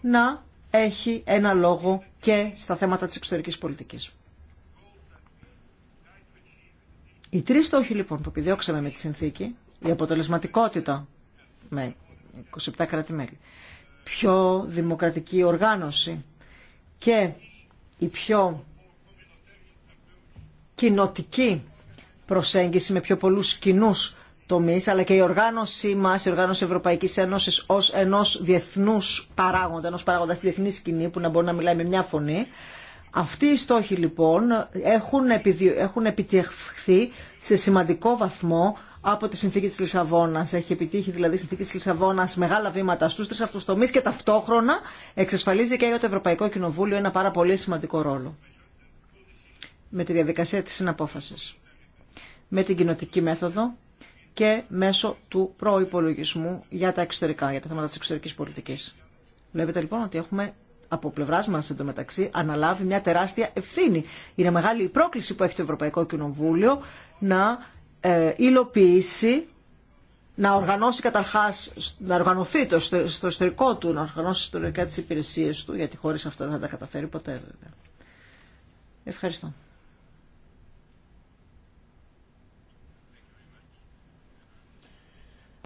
Speaker 2: να έχει ένα λόγο και στα θέματα της εξωτερικής πολιτικής. Οι τρεις στόχοι λοιπόν που επιδιώξαμε με τη συνθήκη, η αποτελεσματικότητα με 27 κράτη-μέλη, πιο δημοκρατική οργάνωση και η πιο κοινοτική προσέγγιση με πιο πολλούς κοινού τομείς, αλλά και η οργάνωσή μας, η οργάνωση Ευρωπαϊκής Ένωσης ως ενός διεθνούς παράγοντα, ενός παράγοντα στη διεθνή σκηνή που να μπορεί να μιλάει με μια φωνή. Αυτοί οι στόχοι λοιπόν έχουν, επιτυχθεί έχουν επιτευχθεί σε σημαντικό βαθμό από τη συνθήκη της Λισαβόνας. Έχει επιτύχει δηλαδή η συνθήκη της Λισαβόνας μεγάλα βήματα στους τρεις αυτούς τομείς και ταυτόχρονα εξασφαλίζει και για το Ευρωπαϊκό Κοινοβούλιο ένα πάρα πολύ σημαντικό ρόλο με τη διαδικασία της συναπόφασης με την κοινοτική μέθοδο και μέσω του προϋπολογισμού για τα εξωτερικά, για τα θέματα της εξωτερικής πολιτικής. Βλέπετε λοιπόν ότι έχουμε από πλευρά μα εντωμεταξύ αναλάβει μια τεράστια ευθύνη. Είναι μεγάλη η πρόκληση που έχει το Ευρωπαϊκό Κοινοβούλιο να ε, υλοποιήσει, να οργανώσει καταρχά, να οργανωθεί το, στο εσωτερικό του, να οργανώσει ιστορικά τι υπηρεσίε του, γιατί χωρί αυτό δεν θα τα καταφέρει ποτέ βέβαια.
Speaker 3: Ευχαριστώ.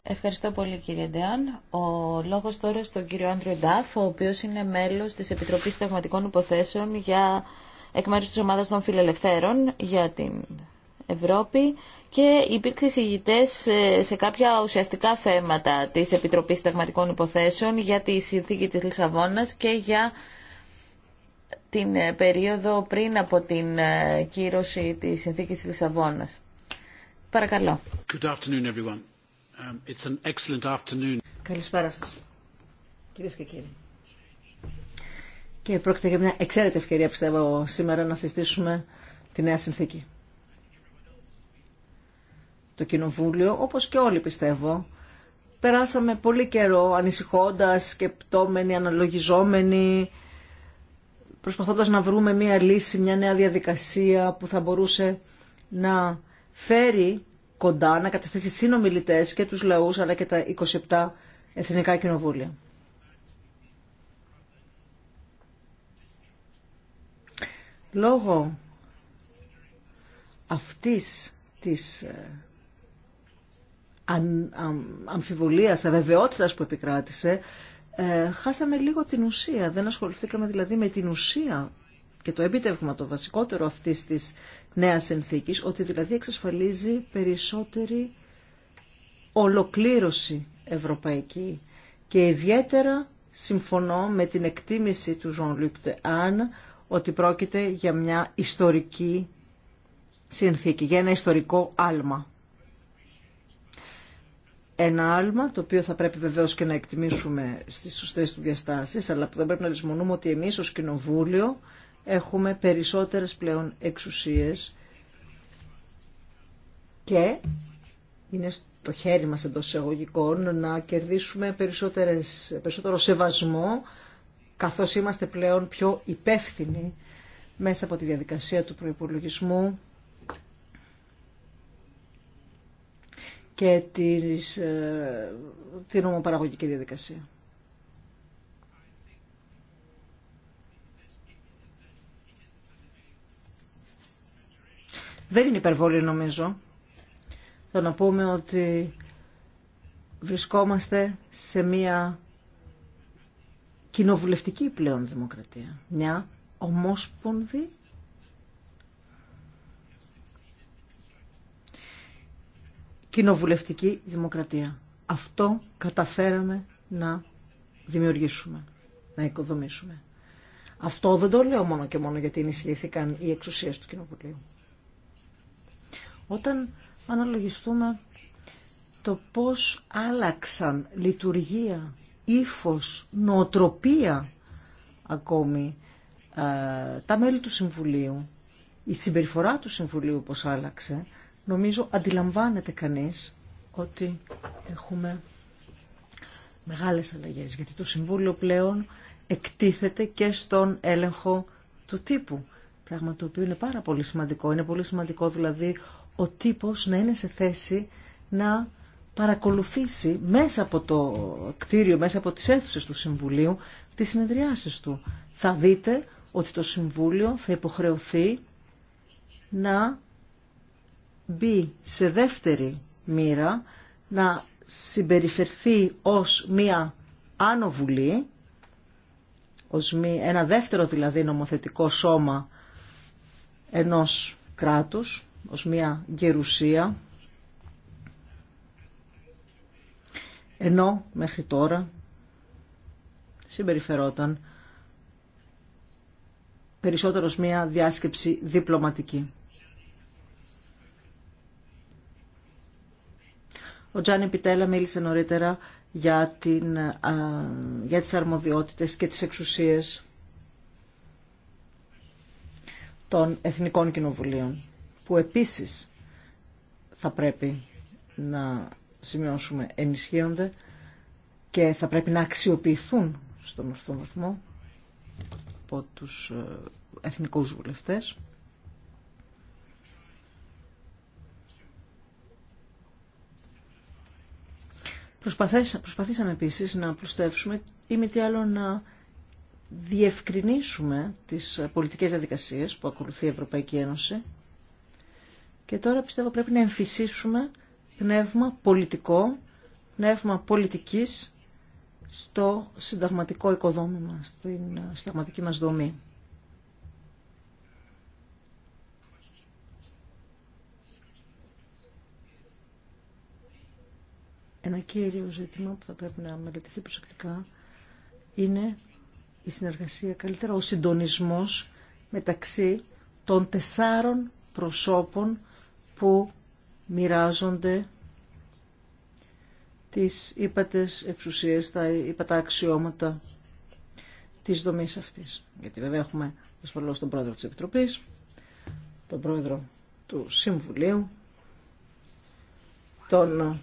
Speaker 3: Ευχαριστώ πολύ κύριε Ντεάν. Ο λόγος τώρα στον κύριο Άντριο Ντάφ, ο οποίος είναι μέλος της Επιτροπής Συνταγματικών Υποθέσεων για εκ της Ομάδας των Φιλελευθέρων για την Ευρώπη και υπήρξε εισηγητέ ε, σε κάποια ουσιαστικά θέματα της Επιτροπής Συνταγματικών Υποθέσεων για τη συνθήκη της Λισαβόνας και για την ε, περίοδο πριν από την ε, κύρωση της συνθήκης της Λισαβόνας. Παρακαλώ.
Speaker 2: Good afternoon, everyone. Um, Καλησπέρα σας, κυρίες και κύριοι. Και πρόκειται για μια εξαίρετη ευκαιρία, πιστεύω, σήμερα να συστήσουμε τη νέα συνθήκη. Το Κοινοβούλιο, όπως και όλοι πιστεύω, περάσαμε πολύ καιρό ανησυχώντας, σκεπτόμενοι, αναλογιζόμενοι, προσπαθώντας να βρούμε μια λύση, μια νέα διαδικασία που θα μπορούσε να φέρει κοντά, να καταστήσει συνομιλητές και τους λαούς αλλά και τα 27 εθνικά κοινοβούλια. Λόγω αυτής της ε, αμφιβολίας, αβεβαιότητας που επικράτησε, ε, χάσαμε λίγο την ουσία. Δεν ασχοληθήκαμε δηλαδή με την ουσία και το επίτευγμα το βασικότερο αυτής της νέα συνθήκη, ότι δηλαδή εξασφαλίζει περισσότερη ολοκλήρωση ευρωπαϊκή. Και ιδιαίτερα συμφωνώ με την εκτίμηση του Ζων Λουκ Αν ότι πρόκειται για μια ιστορική συνθήκη, για ένα ιστορικό άλμα. Ένα άλμα το οποίο θα πρέπει βεβαίως και να εκτιμήσουμε στις σωστές του διαστάσεις, αλλά που δεν πρέπει να λησμονούμε ότι εμείς ως Κοινοβούλιο έχουμε περισσότερες πλέον εξουσίες και είναι στο χέρι μας εντό εισαγωγικών να κερδίσουμε περισσότερες, περισσότερο σεβασμό καθώς είμαστε πλέον πιο υπεύθυνοι μέσα από τη διαδικασία του προϋπολογισμού και τη ε, την ομοπαραγωγική διαδικασία. Δεν είναι υπερβολή νομίζω. Το να πούμε ότι βρισκόμαστε σε μια κοινοβουλευτική πλέον δημοκρατία. Μια ομόσπονδη κοινοβουλευτική δημοκρατία. Αυτό καταφέραμε να δημιουργήσουμε, να οικοδομήσουμε. Αυτό δεν το λέω μόνο και μόνο γιατί ενισχυθήκαν οι εξουσίες του Κοινοβουλίου. Όταν αναλογιστούμε το πώς άλλαξαν λειτουργία, ύφος, νοοτροπία ακόμη ε, τα μέλη του Συμβουλίου, η συμπεριφορά του Συμβουλίου πώς άλλαξε, νομίζω αντιλαμβάνεται κανείς ότι έχουμε μεγάλες αλλαγές, γιατί το Συμβούλιο πλέον εκτίθεται και στον έλεγχο του τύπου. Πράγμα το οποίο είναι πάρα πολύ σημαντικό. Είναι πολύ δηλαδή ο τύπος να είναι σε θέση να παρακολουθήσει μέσα από το κτίριο, μέσα από τις αίθουσες του Συμβουλίου, τις συνεδριάσεις του. Θα δείτε ότι το Συμβούλιο θα υποχρεωθεί να μπει σε δεύτερη μοίρα, να συμπεριφερθεί ως μία άνοβουλη ως μια ένα δεύτερο δηλαδή νομοθετικό σώμα ενός κράτους ως μια γερουσία ενώ μέχρι τώρα συμπεριφερόταν περισσότερο μια διάσκεψη διπλωματική. Ο Τζάνι Πιτέλα μίλησε νωρίτερα για, την, για τις αρμοδιότητες και τις εξουσίες των Εθνικών Κοινοβουλίων που επίσης θα πρέπει να σημειώσουμε ενισχύονται και θα πρέπει να αξιοποιηθούν στον ορθό βαθμό από τους ε, εθνικούς βουλευτές. Προσπαθήσαμε επίσης να προστεύσουμε ή με τι άλλο να διευκρινίσουμε τις πολιτικές διαδικασίες που ακολουθεί η Ευρωπαϊκή Ένωση και τώρα πιστεύω πρέπει να εμφυσίσουμε πνεύμα πολιτικό, πνεύμα πολιτικής στο συνταγματικό οικοδόμημα, στην ε, συνταγματική μας δομή. Ένα κύριο ζήτημα που θα πρέπει να μελετηθεί προσεκτικά είναι η συνεργασία, καλύτερα ο συντονισμός μεταξύ των τεσσάρων προσώπων που μοιράζονται τις ύπατες εξουσίες, τα ύπατα αξιώματα της δομής αυτής. Γιατί βέβαια έχουμε ασφαλώς τον πρόεδρο της Επιτροπής, τον πρόεδρο του Συμβουλίου, τον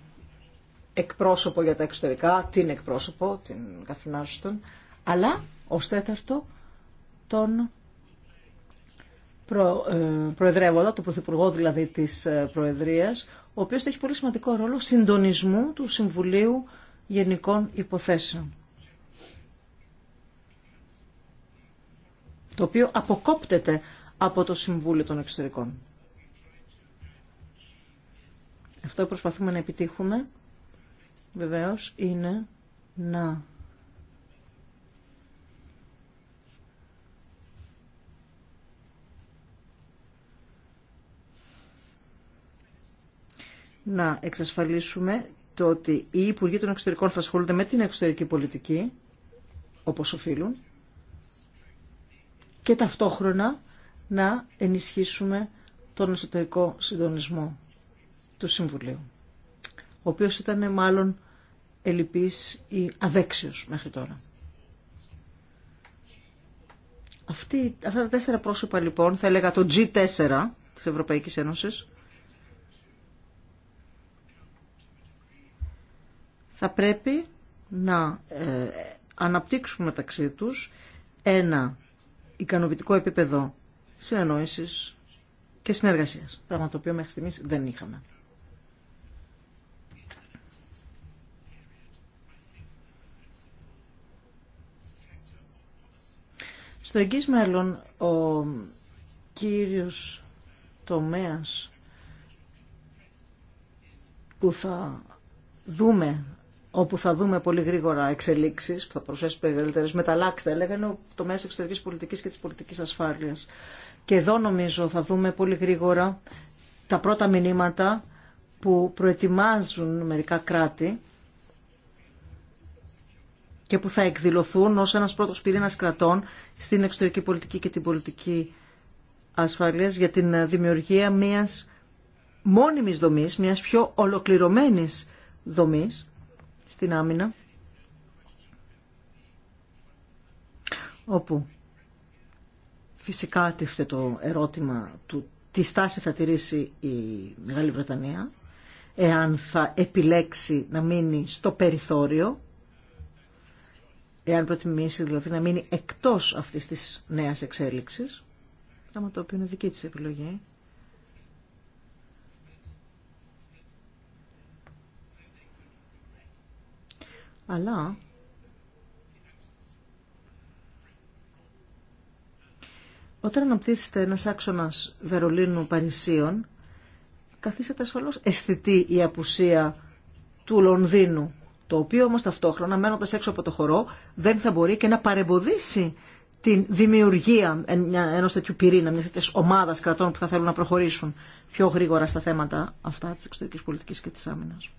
Speaker 2: εκπρόσωπο για τα εξωτερικά, την εκπρόσωπο, την καθημερινά αλλά ως τέταρτο τον προ, ε, προεδρεύοντα, το Πρωθυπουργό δηλαδή της ε, Προεδρίας, ο οποίος έχει πολύ σημαντικό ρόλο συντονισμού του Συμβουλίου Γενικών Υποθέσεων. Το οποίο αποκόπτεται από το Συμβούλιο των Εξωτερικών. Αυτό που προσπαθούμε να επιτύχουμε, βεβαίως, είναι να να εξασφαλίσουμε το ότι οι Υπουργοί των Εξωτερικών θα ασχολούνται με την εξωτερική πολιτική, όπως οφείλουν, και ταυτόχρονα να ενισχύσουμε τον εσωτερικό συντονισμό του Συμβουλίου, ο οποίος ήταν μάλλον ελλειπής ή αδέξιος μέχρι τώρα. Αυτή, αυτά τα τέσσερα πρόσωπα λοιπόν, θα έλεγα το G4 της Ευρωπαϊκής Ένωσης, θα πρέπει να ε, αναπτύξουν μεταξύ τους ένα ικανοποιητικό επίπεδο συνεννόησης και συνεργασίας, πράγμα το οποίο μέχρι στιγμής δεν είχαμε. Στο εγγύς μέλλον, ο κύριος τομέας που θα δούμε όπου θα δούμε πολύ γρήγορα εξελίξει που θα προσθέσει μεγαλύτερε μεταλλάξει, θα είναι το μέσο εξωτερική πολιτική και τη πολιτική ασφάλεια. Και εδώ νομίζω θα δούμε πολύ γρήγορα τα πρώτα μηνύματα που προετοιμάζουν μερικά κράτη και που θα εκδηλωθούν ως ένας πρώτος πυρήνας κρατών στην εξωτερική πολιτική και την πολιτική ασφαλείας για την δημιουργία μιας μόνιμης δομής, μιας πιο ολοκληρωμένης δομής στην άμυνα όπου φυσικά τίθεται το ερώτημα του τι στάση θα τηρήσει η Μεγάλη Βρετανία εάν θα επιλέξει να μείνει στο περιθώριο εάν προτιμήσει δηλαδή να μείνει εκτός αυτής της νέας εξέλιξης πράγμα το οποίο είναι δική της επιλογή αλλά όταν αναπτύσσετε ένας άξονας Βερολίνου-Παρισίων καθίσατε ασφαλώς αισθητή η απουσία του Λονδίνου το οποίο όμως ταυτόχρονα μένοντας έξω από το χορό δεν θα μπορεί και να παρεμποδίσει την δημιουργία ενός τέτοιου πυρήνα, μιας ομάδας κρατών που θα θέλουν να προχωρήσουν πιο γρήγορα στα θέματα αυτά της εξωτερικής πολιτικής και της άμυνας.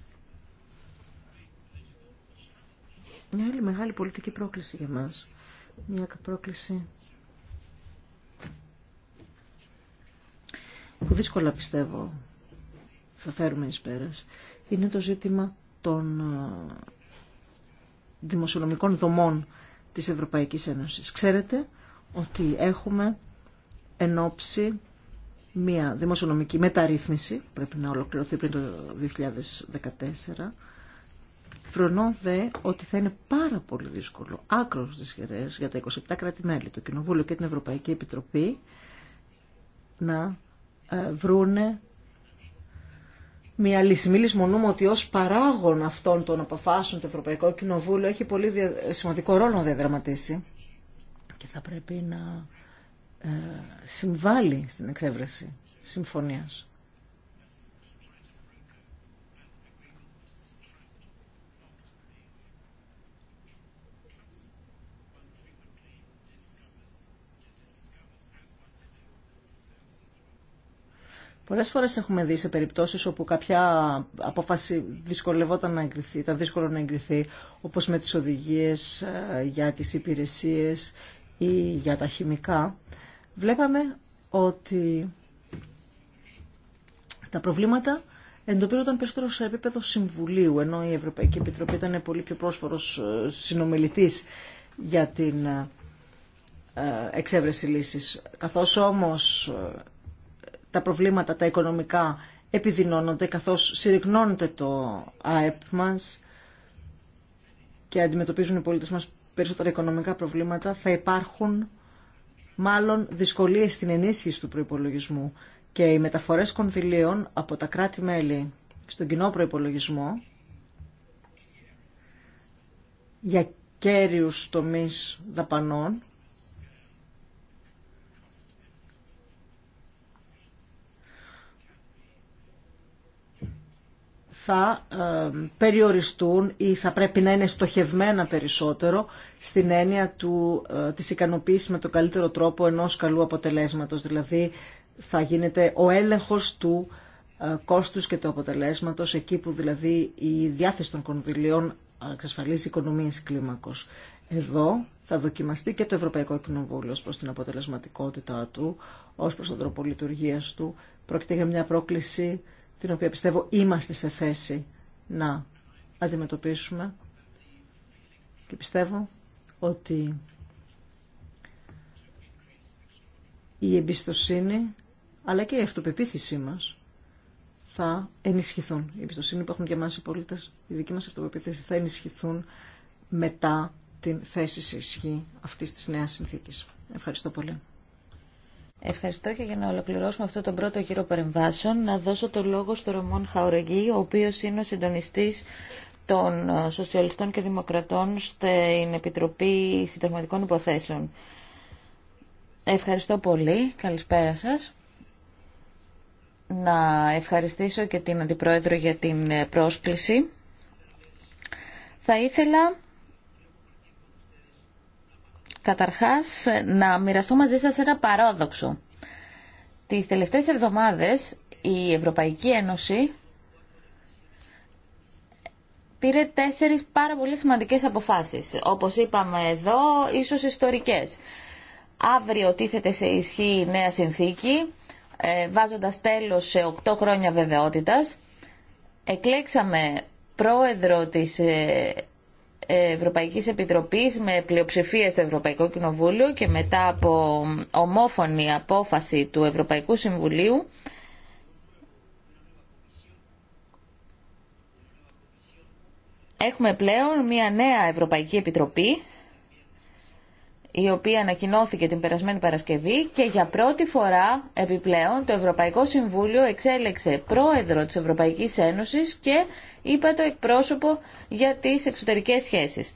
Speaker 2: Μια άλλη μεγάλη πολιτική πρόκληση για μας. Μια πρόκληση που δύσκολα πιστεύω θα φέρουμε εις πέρας. Είναι το ζήτημα των ε, δημοσιονομικών δομών της Ευρωπαϊκής Ένωσης. Ξέρετε ότι έχουμε ενόψει μια δημοσιονομική μεταρρύθμιση, πρέπει να ολοκληρωθεί πριν το 2014, Φρονώ δε ότι θα είναι πάρα πολύ δύσκολο, άκρος δυσχερές για τα 27 κράτη-μέλη, το Κοινοβούλιο και την Ευρωπαϊκή Επιτροπή να ε, βρούνε μια λύση. Μιλήσουμε μονούμε ότι ως παράγον αυτών των αποφάσεων το Ευρωπαϊκό Κοινοβούλιο έχει πολύ σημαντικό ρόλο να διαδραματίσει και θα πρέπει να ε, συμβάλλει στην εξέβρεση συμφωνίας. Πολλέ φορές έχουμε δει σε περιπτώσεις όπου κάποια απόφαση δυσκολευόταν να εγκριθεί, ήταν δύσκολο να εγκριθεί, όπως με τις οδηγίες ε, για τις υπηρεσίες ή για τα χημικά, βλέπαμε ότι τα προβλήματα εντοπίζονταν περισσότερο σε επίπεδο συμβουλίου, ενώ η Ευρωπαϊκή Επιτροπή ήταν πολύ πιο πρόσφορος ε, συνομιλητής για την ε, εξέβρεση λύσης. Καθώς όμως τα προβλήματα τα οικονομικά επιδεινώνονται καθώς συρρυκνώνεται το ΑΕΠ μας και αντιμετωπίζουν οι πολίτες μας περισσότερα οικονομικά προβλήματα, θα υπάρχουν μάλλον δυσκολίες στην ενίσχυση του προϋπολογισμού και οι μεταφορές κονδυλίων από τα κράτη-μέλη στον κοινό προϋπολογισμό για κέριους τομείς δαπανών θα περιοριστούν ή θα πρέπει να είναι στοχευμένα περισσότερο στην έννοια του, ε, της ικανοποίησης με τον καλύτερο τρόπο ενός καλού αποτελέσματος. Δηλαδή θα γίνεται ο έλεγχος του ε, κόστους και του αποτελέσματος εκεί που δηλαδή η διάθεση των κονδυλίων εξασφαλίζει οικονομίες κλίμακος. Εδώ θα δοκιμαστεί και το Ευρωπαϊκό Κοινοβούλιο ως προς την αποτελεσματικότητά του, ως προς τον τρόπο λειτουργίας του. Πρόκειται για μια πρόκληση την οποία πιστεύω είμαστε σε θέση να αντιμετωπίσουμε και πιστεύω ότι η εμπιστοσύνη αλλά και η αυτοπεποίθησή μας θα ενισχυθούν. Η εμπιστοσύνη που έχουν για μας οι πολίτες, η δική μας αυτοπεποίθηση θα ενισχυθούν μετά
Speaker 3: την θέση σε ισχύ αυτής της νέας συνθήκης. Ευχαριστώ πολύ. Ευχαριστώ και για να ολοκληρώσουμε αυτό τον πρώτο γύρο παρεμβάσεων να δώσω το λόγο στο Ρωμόν Χαουρεγγί, ο οποίος είναι ο συντονιστής των ε, Σοσιαλιστών και Δημοκρατών στην Επιτροπή Συνταγματικών Υποθέσεων. Ευχαριστώ πολύ. Καλησπέρα σας. Να ευχαριστήσω και την Αντιπρόεδρο για την ε, πρόσκληση. Θα ήθελα Καταρχάς, να μοιραστώ μαζί σας ένα παράδοξο. Τις τελευταίες εβδομάδες η Ευρωπαϊκή Ένωση πήρε τέσσερις πάρα πολύ σημαντικές αποφάσεις. Όπως είπαμε εδώ, ίσως ιστορικές. Αύριο τίθεται σε ισχύ η νέα συνθήκη, ε, βάζοντας τέλος σε 8 χρόνια βεβαιότητας. Εκλέξαμε πρόεδρο της ε, Ευρωπαϊκή Επιτροπής με πλειοψηφία στο Ευρωπαϊκό Κοινοβούλιο και μετά από ομόφωνη απόφαση του Ευρωπαϊκού Συμβουλίου έχουμε πλέον μια νέα Ευρωπαϊκή Επιτροπή η οποία ανακοινώθηκε την περασμένη Παρασκευή και για πρώτη φορά επιπλέον το Ευρωπαϊκό Συμβούλιο εξέλεξε πρόεδρο της Ευρωπαϊκής Ένωσης και είπα το εκπρόσωπο για τις εξωτερικές σχέσεις.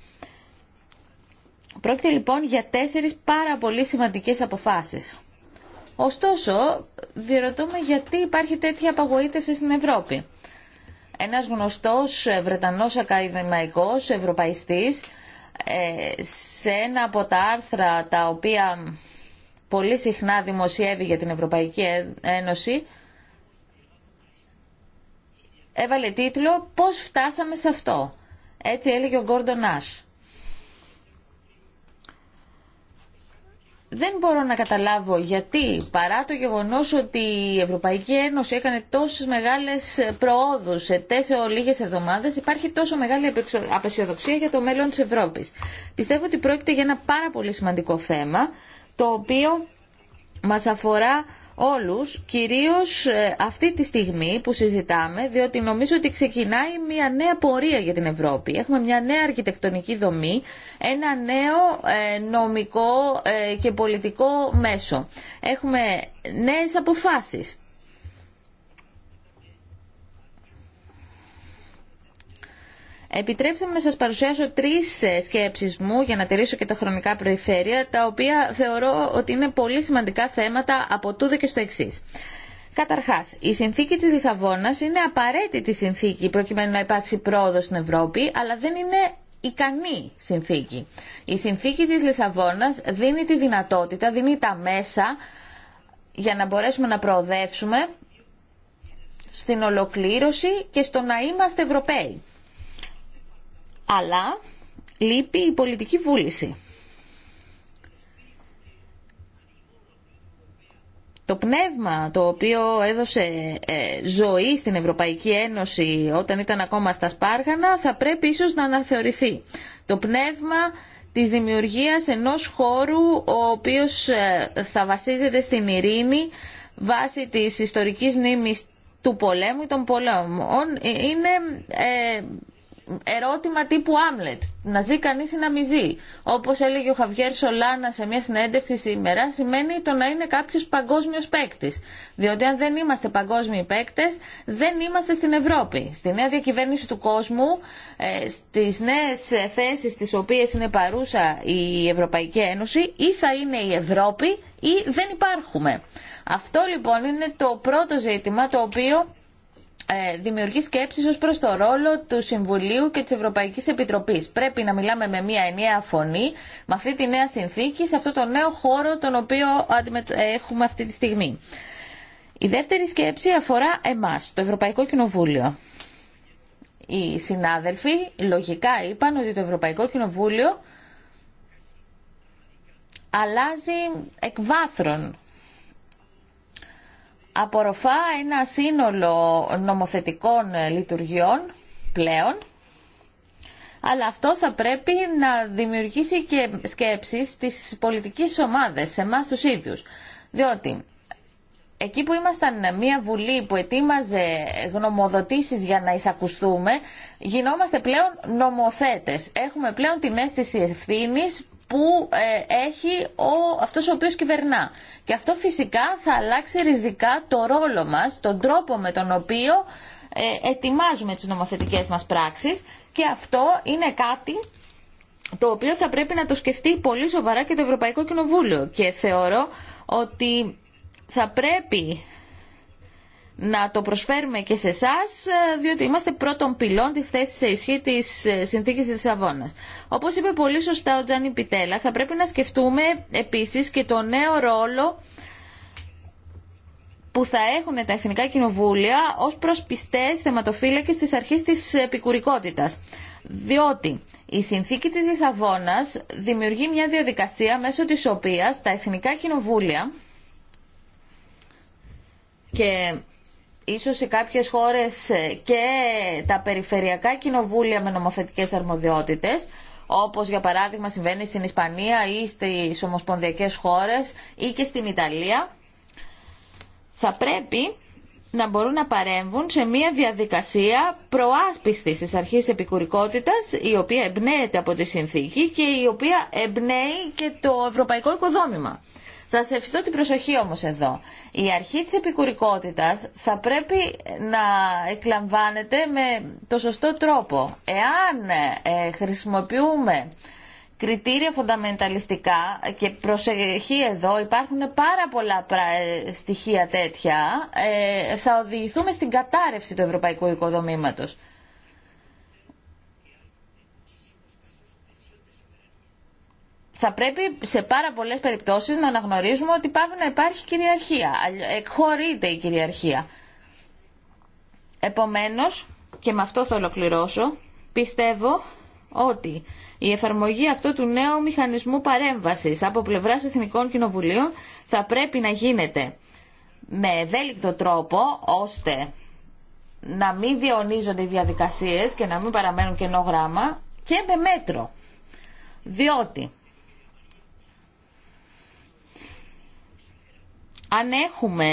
Speaker 3: Πρόκειται λοιπόν για τέσσερις πάρα πολύ σημαντικές αποφάσεις. Ωστόσο, διερωτούμε γιατί υπάρχει τέτοια απαγοήτευση στην Ευρώπη. Ένας γνωστός Βρετανός ακαδημαϊκός, ευρωπαϊστής, ε, σε ένα από τα άρθρα τα οποία πολύ συχνά δημοσιεύει για την Ευρωπαϊκή Ένωση, έβαλε τίτλο «Πώς φτάσαμε σε αυτό». Έτσι έλεγε ο Γκόρντον Άσ. Δεν μπορώ να καταλάβω γιατί παρά το γεγονός ότι η Ευρωπαϊκή Ένωση έκανε τόσες μεγάλες προόδους σε τέσσερις λίγες εβδομάδες υπάρχει τόσο μεγάλη απεσιοδοξία για το μέλλον της Ευρώπης. Πιστεύω ότι πρόκειται για ένα πάρα πολύ σημαντικό θέμα το οποίο μας αφορά όλους, κυρίως ε, αυτή τη στιγμή που συζητάμε, διότι νομίζω ότι ξεκινάει μια νέα πορεία για την Ευρώπη. Έχουμε μια νέα αρχιτεκτονική δομή, ένα νέο ε, νομικό ε, και πολιτικό μέσο. Έχουμε νέες αποφάσεις. Επιτρέψτε μου να σας παρουσιάσω τρεις ε, σκέψεις μου για να τηρήσω και τα χρονικά περιφέρεια, τα οποία θεωρώ ότι είναι πολύ σημαντικά θέματα από τούδε και στο εξής. Καταρχά, η συνθήκη τη Λισαβόνα είναι απαραίτητη συνθήκη προκειμένου να υπάρξει πρόοδο στην Ευρώπη, αλλά δεν είναι ικανή συνθήκη. Η συνθήκη τη Λισαβόνα δίνει τη δυνατότητα, δίνει τα μέσα για να μπορέσουμε να προοδεύσουμε στην ολοκλήρωση και στο να είμαστε Ευρωπαίοι αλλά λείπει η πολιτική βούληση. Το πνεύμα το οποίο έδωσε ε, ζωή στην Ευρωπαϊκή Ένωση όταν ήταν ακόμα στα Σπάργανα θα πρέπει ίσως να αναθεωρηθεί. Το πνεύμα της δημιουργίας ενός χώρου ο οποίος ε, θα βασίζεται στην ειρήνη βάσει της ιστορικής μνήμης του πολέμου ή των πολέμων ε, είναι ερώτημα τύπου Άμλετ. Να ζει κανεί ή να μη ζει. Όπω έλεγε ο Χαβιέρ Σολάνα σε μια συνέντευξη σήμερα, σημαίνει το να είναι κάποιο παγκόσμιο παίκτη. Διότι αν δεν είμαστε παγκόσμιοι παίκτε, δεν είμαστε στην Ευρώπη. Στη νέα διακυβέρνηση του κόσμου, ε, στι νέε θέσει τι οποίε είναι παρούσα η Ευρωπαϊκή Ένωση, ή θα είναι η Ευρώπη ή δεν υπάρχουμε. Αυτό λοιπόν είναι το πρώτο ζήτημα το οποίο ε, δημιουργεί σκέψεις ως προς το ρόλο του Συμβουλίου και της Ευρωπαϊκής Επιτροπής. Πρέπει να μιλάμε με μια ενιαία φωνή, με αυτή τη νέα συνθήκη, σε αυτό το νέο χώρο τον οποίο ε, έχουμε αυτή τη στιγμή. Η δεύτερη σκέψη αφορά εμάς, το Ευρωπαϊκό Κοινοβούλιο. Οι συνάδελφοι λογικά είπαν ότι το Ευρωπαϊκό Κοινοβούλιο αλλάζει εκ απορροφά ένα σύνολο νομοθετικών ε, λειτουργιών πλέον, αλλά αυτό θα πρέπει να δημιουργήσει και σκέψεις στις πολιτικές ομάδες, σε εμάς τους ίδιους. Διότι εκεί που ήμασταν μια βουλή που ετοίμαζε γνωμοδοτήσεις για να εισακουστούμε, γινόμαστε πλέον νομοθέτες. Έχουμε πλέον την αίσθηση ευθύνη που ε, έχει ο, αυτός ο οποίος κυβερνά. Και αυτό φυσικά θα αλλάξει ριζικά το ρόλο μας, τον τρόπο με τον οποίο ε, ετοιμάζουμε τις νομοθετικές μας πράξεις και αυτό είναι κάτι το οποίο θα πρέπει να το σκεφτεί πολύ σοβαρά και το Ευρωπαϊκό Κοινοβούλιο. Και θεωρώ ότι θα πρέπει να το προσφέρουμε και σε εσά, ε, διότι είμαστε πρώτον πυλών τη θέση σε ισχύ τη ε, συνθήκη τη Λισαβόνα. Όπω είπε πολύ σωστά ο Τζάνι Πιτέλα, θα πρέπει να σκεφτούμε επίση και το νέο ρόλο που θα έχουν τα εθνικά κοινοβούλια ως προσπιστές θεματοφύλακες της αρχή της επικουρικότητας. Διότι η συνθήκη της Λισαβόνα δημιουργεί μια διαδικασία μέσω τη οποίας τα εθνικά κοινοβούλια ίσως σε κάποιες χώρες ε, και τα περιφερειακά κοινοβούλια με νομοθετικές αρμοδιότητες, όπως για παράδειγμα συμβαίνει στην Ισπανία ή στις ομοσπονδιακές χώρες ή και στην Ιταλία, θα πρέπει να μπορούν να παρέμβουν σε μια διαδικασία προάσπιστης της αρχής επικουρικότητας η οποία εμπνέεται από τη συνθήκη και η οποία εμπνέει και το ευρωπαϊκό οικοδόμημα. Σα ευχηθώ την προσοχή όμω εδώ. Η αρχή της επικουρικότητας θα πρέπει να εκλαμβάνεται με το σωστό τρόπο. Εάν ε, χρησιμοποιούμε κριτήρια φονταμενταλιστικά και προσεχή εδώ υπάρχουν πάρα πολλά ε, στοιχεία τέτοια, ε, θα οδηγηθούμε στην κατάρρευση του ευρωπαϊκού οικοδομήματος. θα πρέπει σε πάρα πολλές περιπτώσεις να αναγνωρίζουμε ότι πάβει να υπάρχει κυριαρχία. Εκχωρείται η κυριαρχία. Επομένω, και με αυτό θα ολοκληρώσω, πιστεύω ότι η εφαρμογή αυτού του νέου μηχανισμού παρέμβασης από πλευράς Εθνικών Κοινοβουλίων θα πρέπει να γίνεται με ευέλικτο τρόπο, ώστε να μην διαιωνίζονται οι διαδικασίες και να μην παραμένουν κενό γράμμα και με μέτρο. Διότι αν έχουμε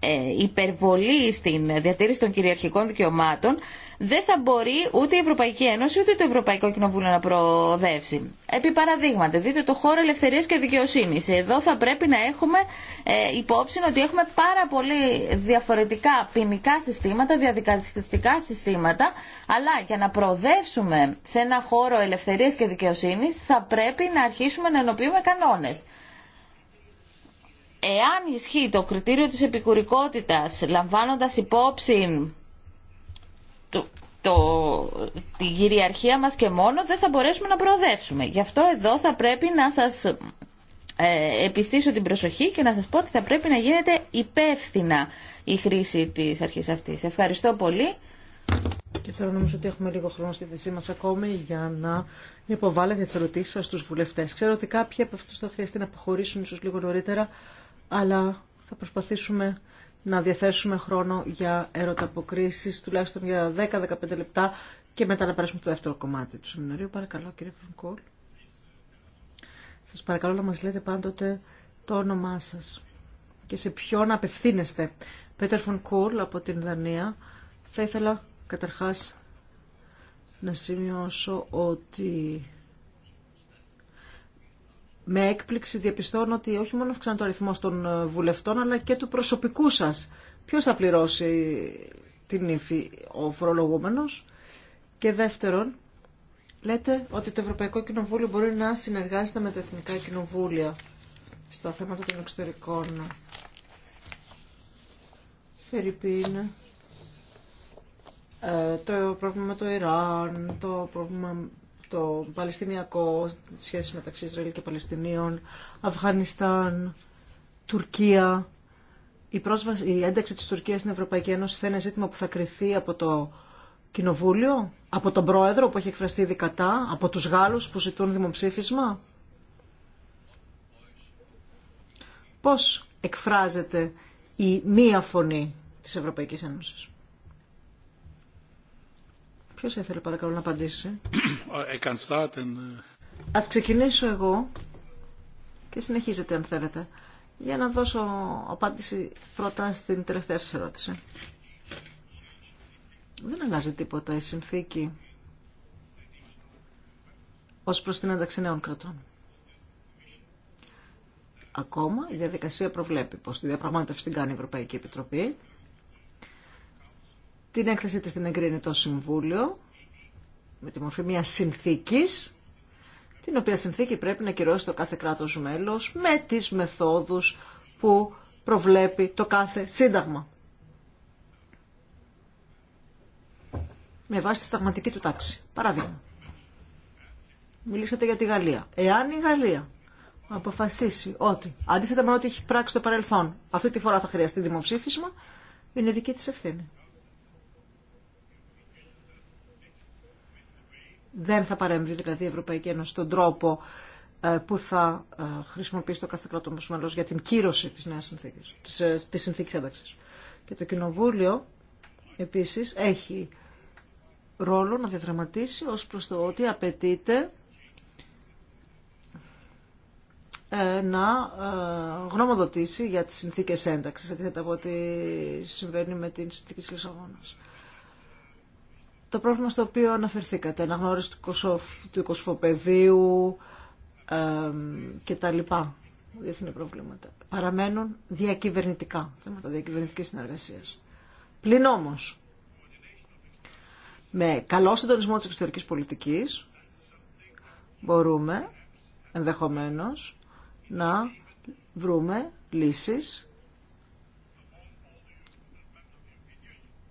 Speaker 3: ε, υπερβολή στην διατήρηση των κυριαρχικών δικαιωμάτων, δεν θα μπορεί ούτε η Ευρωπαϊκή Ένωση ούτε το Ευρωπαϊκό Κοινοβούλιο να προοδεύσει. Επί παραδείγματα, δείτε το χώρο ελευθερίας και δικαιοσύνης. Εδώ θα πρέπει να έχουμε ε, υπόψη ότι έχουμε πάρα πολύ διαφορετικά ποινικά συστήματα, διαδικαστικά συστήματα, αλλά για να προοδεύσουμε σε ένα χώρο ελευθερίας και δικαιοσύνης θα πρέπει να αρχίσουμε να ενοποιούμε κανόνες εάν ισχύει το κριτήριο της επικουρικότητας λαμβάνοντας υπόψη το, το, την κυριαρχία μας και μόνο δεν θα μπορέσουμε να προοδεύσουμε. Γι' αυτό εδώ θα πρέπει να σας ε, επιστήσω την προσοχή και να σας πω ότι θα πρέπει να γίνεται υπεύθυνα η χρήση της αρχής αυτής. Ευχαριστώ πολύ.
Speaker 2: Και τώρα νομίζω ότι έχουμε λίγο χρόνο στη θέση μα ακόμη για να υποβάλλετε τι ερωτήσει σα στου βουλευτέ. Ξέρω ότι κάποιοι από αυτού θα χρειαστεί να αποχωρήσουν ίσω λίγο νωρίτερα, αλλά θα προσπαθήσουμε να διαθέσουμε χρόνο για έρωτα ερωταποκρίσει, τουλάχιστον για 10-15 λεπτά και μετά να περάσουμε στο δεύτερο κομμάτι του σεμιναρίου. Παρακαλώ, κύριε Φρονκόλ. Σα παρακαλώ να μα λέτε πάντοτε το όνομά σα. και σε ποιον απευθύνεστε. Πέτερ Φων Κούλ από την Δανία. Θα ήθελα Καταρχάς, να σημειώσω ότι με έκπληξη διαπιστώνω ότι όχι μόνο αυξάνεται ο αριθμό των ε, βουλευτών, αλλά και του προσωπικού σας. Ποιος θα πληρώσει την ύφη, ο φορολογούμενος. Και δεύτερον, λέτε ότι το Ευρωπαϊκό Κοινοβούλιο μπορεί να συνεργάζεται με τα Εθνικά Κοινοβούλια στα θέματα των εξωτερικών. Φερρυπίνε. Ε, το πρόβλημα με το Ιράν, το πρόβλημα το Παλαιστινιακό, σχέση μεταξύ Ισραήλ και Παλαιστινίων, Αφγανιστάν, Τουρκία. Η, ένταξη της Τουρκίας στην Ευρωπαϊκή Ένωση θα είναι ζήτημα που θα κριθεί από το Κοινοβούλιο, από τον Πρόεδρο που έχει εκφραστεί δικατά, από τους Γάλλους που ζητούν δημοψήφισμα. Πώς εκφράζεται η μία φωνή της Ευρωπαϊκής Ένωσης. Ποιος ήθελε παρακαλώ να απαντήσει. Uh, Ας ξεκινήσω εγώ και συνεχίζετε αν θέλετε για να δώσω απάντηση πρώτα στην τελευταία σας ερώτηση. Δεν αλλάζει τίποτα η συνθήκη ως προς την ένταξη νέων κρατών. Ακόμα η διαδικασία προβλέπει πως τη διαπραγμάτευση την κάνει η Ευρωπαϊκή Επιτροπή την έκθεση της την εγκρίνει το Συμβούλιο με τη μορφή μιας συνθήκης την οποία συνθήκη πρέπει να κυρώσει το κάθε κράτος μέλος με τις μεθόδους που προβλέπει το κάθε σύνταγμα. Με βάση τη σταγματική του τάξη. Παράδειγμα. Μιλήσατε για τη Γαλλία. Εάν η Γαλλία αποφασίσει ότι, αντίθετα με ό,τι έχει πράξει το παρελθόν, αυτή τη φορά θα χρειαστεί δημοψήφισμα, είναι δική της ευθύνη. Δεν θα παρέμβει δηλαδή η Ευρωπαϊκή Ένωση στον τρόπο ε, που θα ε, χρησιμοποιήσει το κάθε κράτο μέλο για την κύρωση της νέας συνθήκης, της, ε, της συνθήκης ένταξης. Και το Κοινοβούλιο επίσης έχει ρόλο να διαδραματίσει ως προς το ότι απαιτείται να γνωμοδοτήσει για τις συνθήκες ένταξης, αντίθετα από ό,τι συμβαίνει με την συνθήκη της το πρόβλημα στο οποίο αναφερθήκατε, αναγνώριση του, του κοσφοπεδίου και τα λοιπά διεθνή προβλήματα. Παραμένουν διακυβερνητικά, θέματα διακυβερνητικής συνεργασίας. Πλην όμως, με καλό συντονισμό της εξωτερικής πολιτικής, μπορούμε ενδεχομένως να βρούμε λύσεις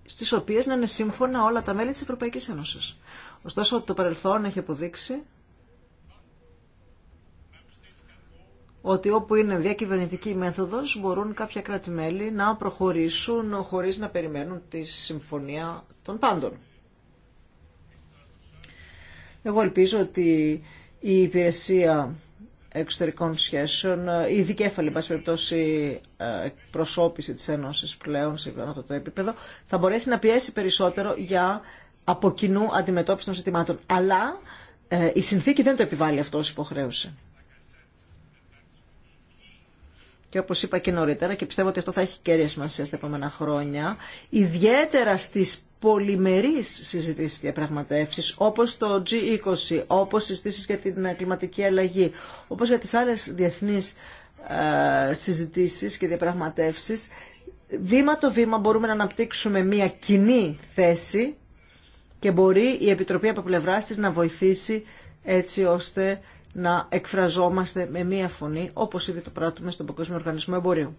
Speaker 2: στις οποίες να είναι σύμφωνα όλα τα μέλη της Ευρωπαϊκής Ένωση. Ωστόσο, το παρελθόν έχει αποδείξει ότι όπου είναι διακυβερνητική μέθοδος μπορούν κάποια κράτη-μέλη να προχωρήσουν χωρίς να περιμένουν τη συμφωνία των πάντων. Εγώ ελπίζω ότι η υπηρεσία εξωτερικών σχέσεων, ε, η δικέφαλη, προσώπηση περιπτώσει, ε, εκπροσώπηση της Ένωσης πλέον σε αυτό το επίπεδο, θα μπορέσει να πιέσει περισσότερο για από κοινού αντιμετώπιση των ζητημάτων. Αλλά ε, η συνθήκη δεν το επιβάλλει αυτό ως υποχρέωση και όπως είπα και νωρίτερα και πιστεύω ότι αυτό θα έχει κέρια σημασία στα επόμενα χρόνια, ιδιαίτερα στις πολυμερείς συζητήσεις και διαπραγματεύσεις, όπως το G20, όπως συζητήσεις για την κλιματική αλλαγή, όπως για τις άλλες διεθνείς ε, συζητήσεις και διαπραγματεύσεις, βήμα το βήμα μπορούμε να αναπτύξουμε μια κοινή θέση και μπορεί η Επιτροπή από πλευράς της να βοηθήσει έτσι ώστε να εκφραζόμαστε με μία φωνή, όπως ήδη το πράττουμε στον Παγκόσμιο Οργανισμό Εμπορίου.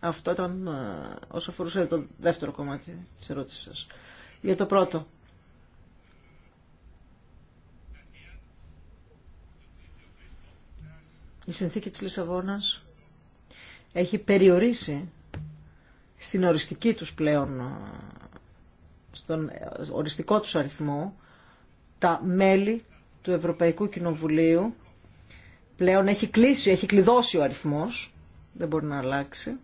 Speaker 2: Αυτό ήταν ε, όσο αφορούσε το δεύτερο κομμάτι της ερώτησης σας. Για το πρώτο. Η συνθήκη της Λισαβόνας έχει περιορίσει στην οριστική τους πλέον, ε, στον οριστικό τους αριθμό, τα μέλη του Ευρωπαϊκού Κοινοβουλίου. Πλέον έχει κλείσει, έχει κλειδώσει ο αριθμός, δεν μπορεί να αλλάξει.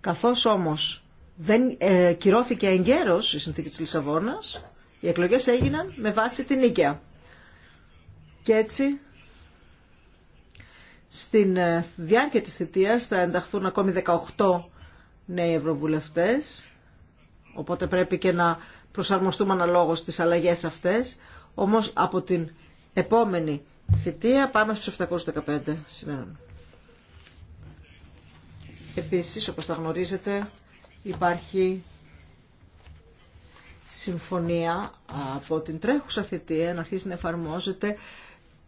Speaker 2: Καθώς όμως δεν ε, κυρώθηκε εγκαίρως η συνθήκη της Λισαβόνας, οι εκλογές έγιναν με βάση την Ίκαια. Και έτσι στην ε, διάρκεια της θητείας θα ενταχθούν ακόμη 18 νέοι ευρωβουλευτές Οπότε πρέπει και να προσαρμοστούμε αναλόγως στις αλλαγές αυτές. Όμως από την επόμενη θητεία πάμε στους 715 σήμερα. Επίσης, όπως τα γνωρίζετε, υπάρχει συμφωνία από την τρέχουσα θητεία να αρχίσει να εφαρμόζεται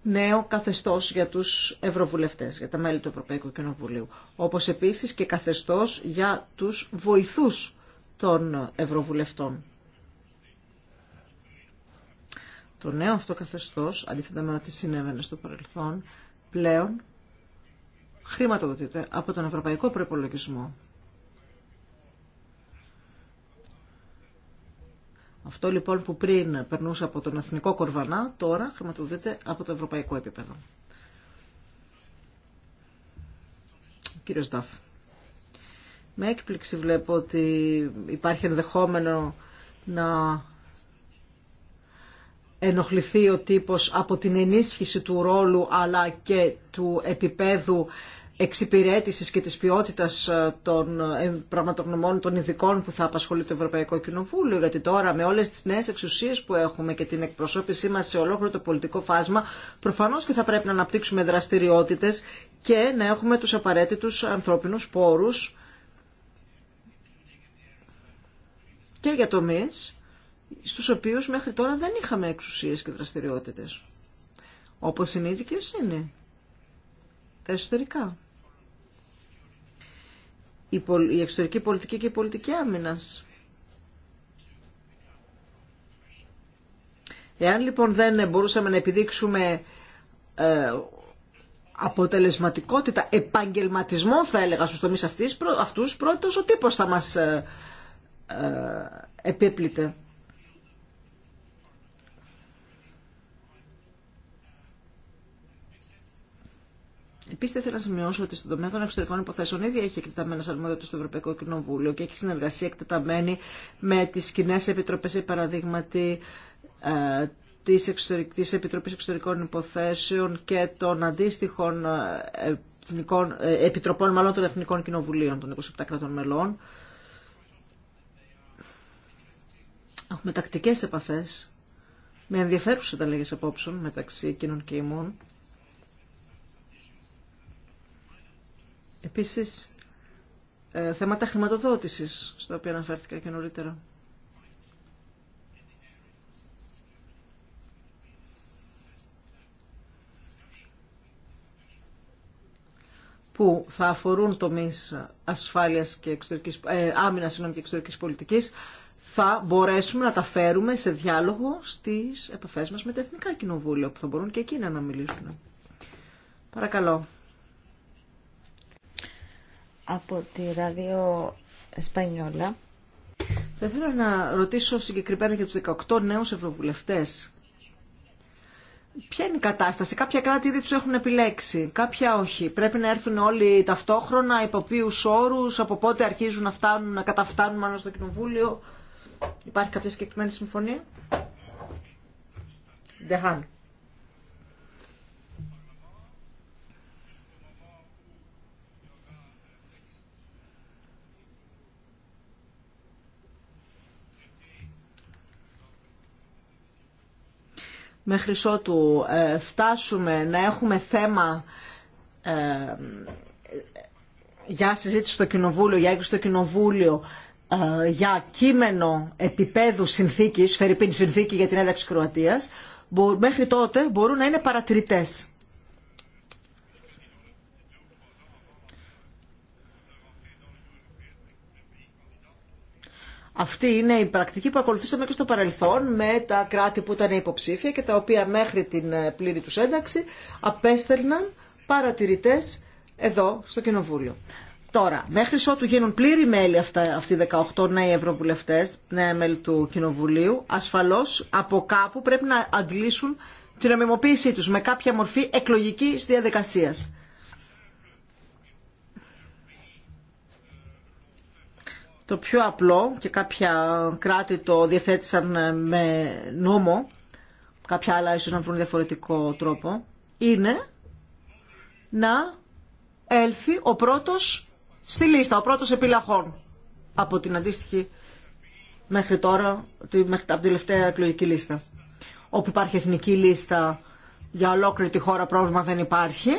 Speaker 2: νέο καθεστώς για τους ευρωβουλευτές, για τα μέλη του Ευρωπαϊκού Κοινοβουλίου. Όπως επίσης και καθεστώς για τους βοηθούς των Ευρωβουλευτών. Το νέο αυτό καθεστώς, αντίθετα με ό,τι συνέβαινε στο παρελθόν, πλέον χρηματοδοτείται από τον Ευρωπαϊκό Προϋπολογισμό. Αυτό λοιπόν που πριν περνούσε από τον εθνικό κορβανά, τώρα χρηματοδοτείται από το ευρωπαϊκό επίπεδο. Κύριος Σταφ. Με έκπληξη βλέπω ότι υπάρχει ενδεχόμενο να ενοχληθεί ο τύπος από την ενίσχυση του ρόλου αλλά και του επίπεδου εξυπηρέτησης και της ποιότητας ε, των ε, πραγματογνωμών των ειδικών που θα απασχολεί το Ευρωπαϊκό Κοινοβούλιο γιατί τώρα με όλες τις νέες εξουσίες που έχουμε και την εκπροσώπησή μας σε ολόκληρο το πολιτικό φάσμα προφανώς και θα πρέπει να αναπτύξουμε δραστηριότητες και να έχουμε τους απαραίτητους ανθρώπινους πόρους και για τομεί στους οποίους μέχρι τώρα δεν είχαμε εξουσίε και δραστηριότητες. Όπως είναι η δικαιοσύνη. Τα εσωτερικά. Η εξωτερική πολιτική και η πολιτική άμυνα. Εάν λοιπόν δεν μπορούσαμε να επιδείξουμε ε, αποτελεσματικότητα, επαγγελματισμό θα έλεγα στους τομείς αυτούς, πρώτος ο τύπος θα μας ε, ε, επίπλητε. Επίση, θέλω να σημειώσω ότι στον τομέα των εξωτερικών υποθέσεων ήδη έχει εκτεταμένε του στο Ευρωπαϊκό Κοινοβούλιο και έχει συνεργασία εκτεταμένη με τι κοινέ επιτροπέ, παραδείγματι ε, της, της Επιτροπής Εξωτερικών Υποθέσεων και των αντίστοιχων ε, επιτροπών μάλλον των Εθνικών Κοινοβουλίων των 27 κρατών μελών. Έχουμε τακτικέ επαφέ με ενδιαφέρουσε ανταλλαγέ απόψεων μεταξύ εκείνων και ημών. Επίσης, ε, θέματα χρηματοδότησης, στα οποία αναφέρθηκα και νωρίτερα. που θα αφορούν τομείς ασφάλειας και εξωτερικής, ε, άμυνας και εξωτερικής πολιτικής, θα μπορέσουμε να τα φέρουμε σε διάλογο στις επαφές μας με τα Εθνικά Κοινοβούλια, που θα μπορούν και εκείνα να μιλήσουν. Παρακαλώ.
Speaker 3: Από τη Ραδιο
Speaker 2: Εσπανιόλα. Θα ήθελα να ρωτήσω συγκεκριμένα για τους 18 νέους ευρωβουλευτές. Ποια είναι η κατάσταση. Κάποια κράτη ήδη του έχουν επιλέξει, κάποια όχι. Πρέπει να έρθουν όλοι ταυτόχρονα, υπό ποιου όρου, από πότε αρχίζουν να, φτάνουν, να καταφτάνουν μάλλον στο κοινοβούλιο. Υπάρχει κάποια συγκεκριμένη συμφωνία. Δεχάν. μέχρι ότου ε, φτάσουμε να έχουμε θέμα ε, για συζήτηση στο Κοινοβούλιο, για έγκριση στο Κοινοβούλιο ε, για κείμενο επίπεδου συνθήκης, φερειπίν συνθήκη για την ένταξη Κροατίας, μέχρι τότε μπορούν να είναι παρατηρητές. Αυτή είναι η πρακτική που ακολουθήσαμε και στο παρελθόν με τα κράτη που ήταν υποψήφια και τα οποία μέχρι την ε, πλήρη τους ένταξη απέστελναν παρατηρητές εδώ στο Κοινοβούλιο. Τώρα, μέχρι ότου γίνουν πλήρη μέλη αυτά, αυτοί οι 18 νέοι ευρωβουλευτέ, νέα μέλη του Κοινοβουλίου, ασφαλώ από κάπου πρέπει να αντλήσουν την νομιμοποίησή του με κάποια μορφή εκλογική διαδικασία. Το πιο απλό και κάποια κράτη το διαθέτησαν ε, με νόμο, κάποια άλλα ίσως να βρουν διαφορετικό τρόπο, είναι να έλθει ο πρώτος στη λίστα, ο πρώτος επιλαχών από την αντίστοιχη μέχρι τώρα, από την τελευταία εκλογική λίστα. Όπου υπάρχει εθνική λίστα για ολόκληρη τη χώρα πρόβλημα δεν υπάρχει.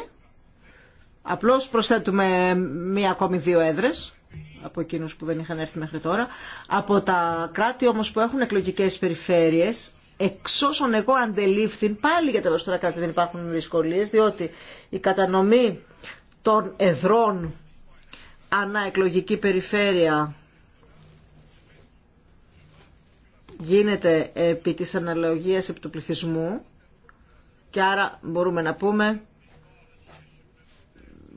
Speaker 2: Απλώς προσθέτουμε μία ακόμη δύο έδρες από εκείνους που δεν είχαν έρθει μέχρι τώρα. Από τα κράτη όμως που έχουν εκλογικές περιφέρειες, εξ όσων εγώ αντελήφθην πάλι για τα περισσότερα κράτη δεν υπάρχουν δυσκολίες, διότι η κατανομή των εδρών αναεκλογική περιφέρεια γίνεται επί της αναλογίας επί του πληθυσμού και άρα μπορούμε να πούμε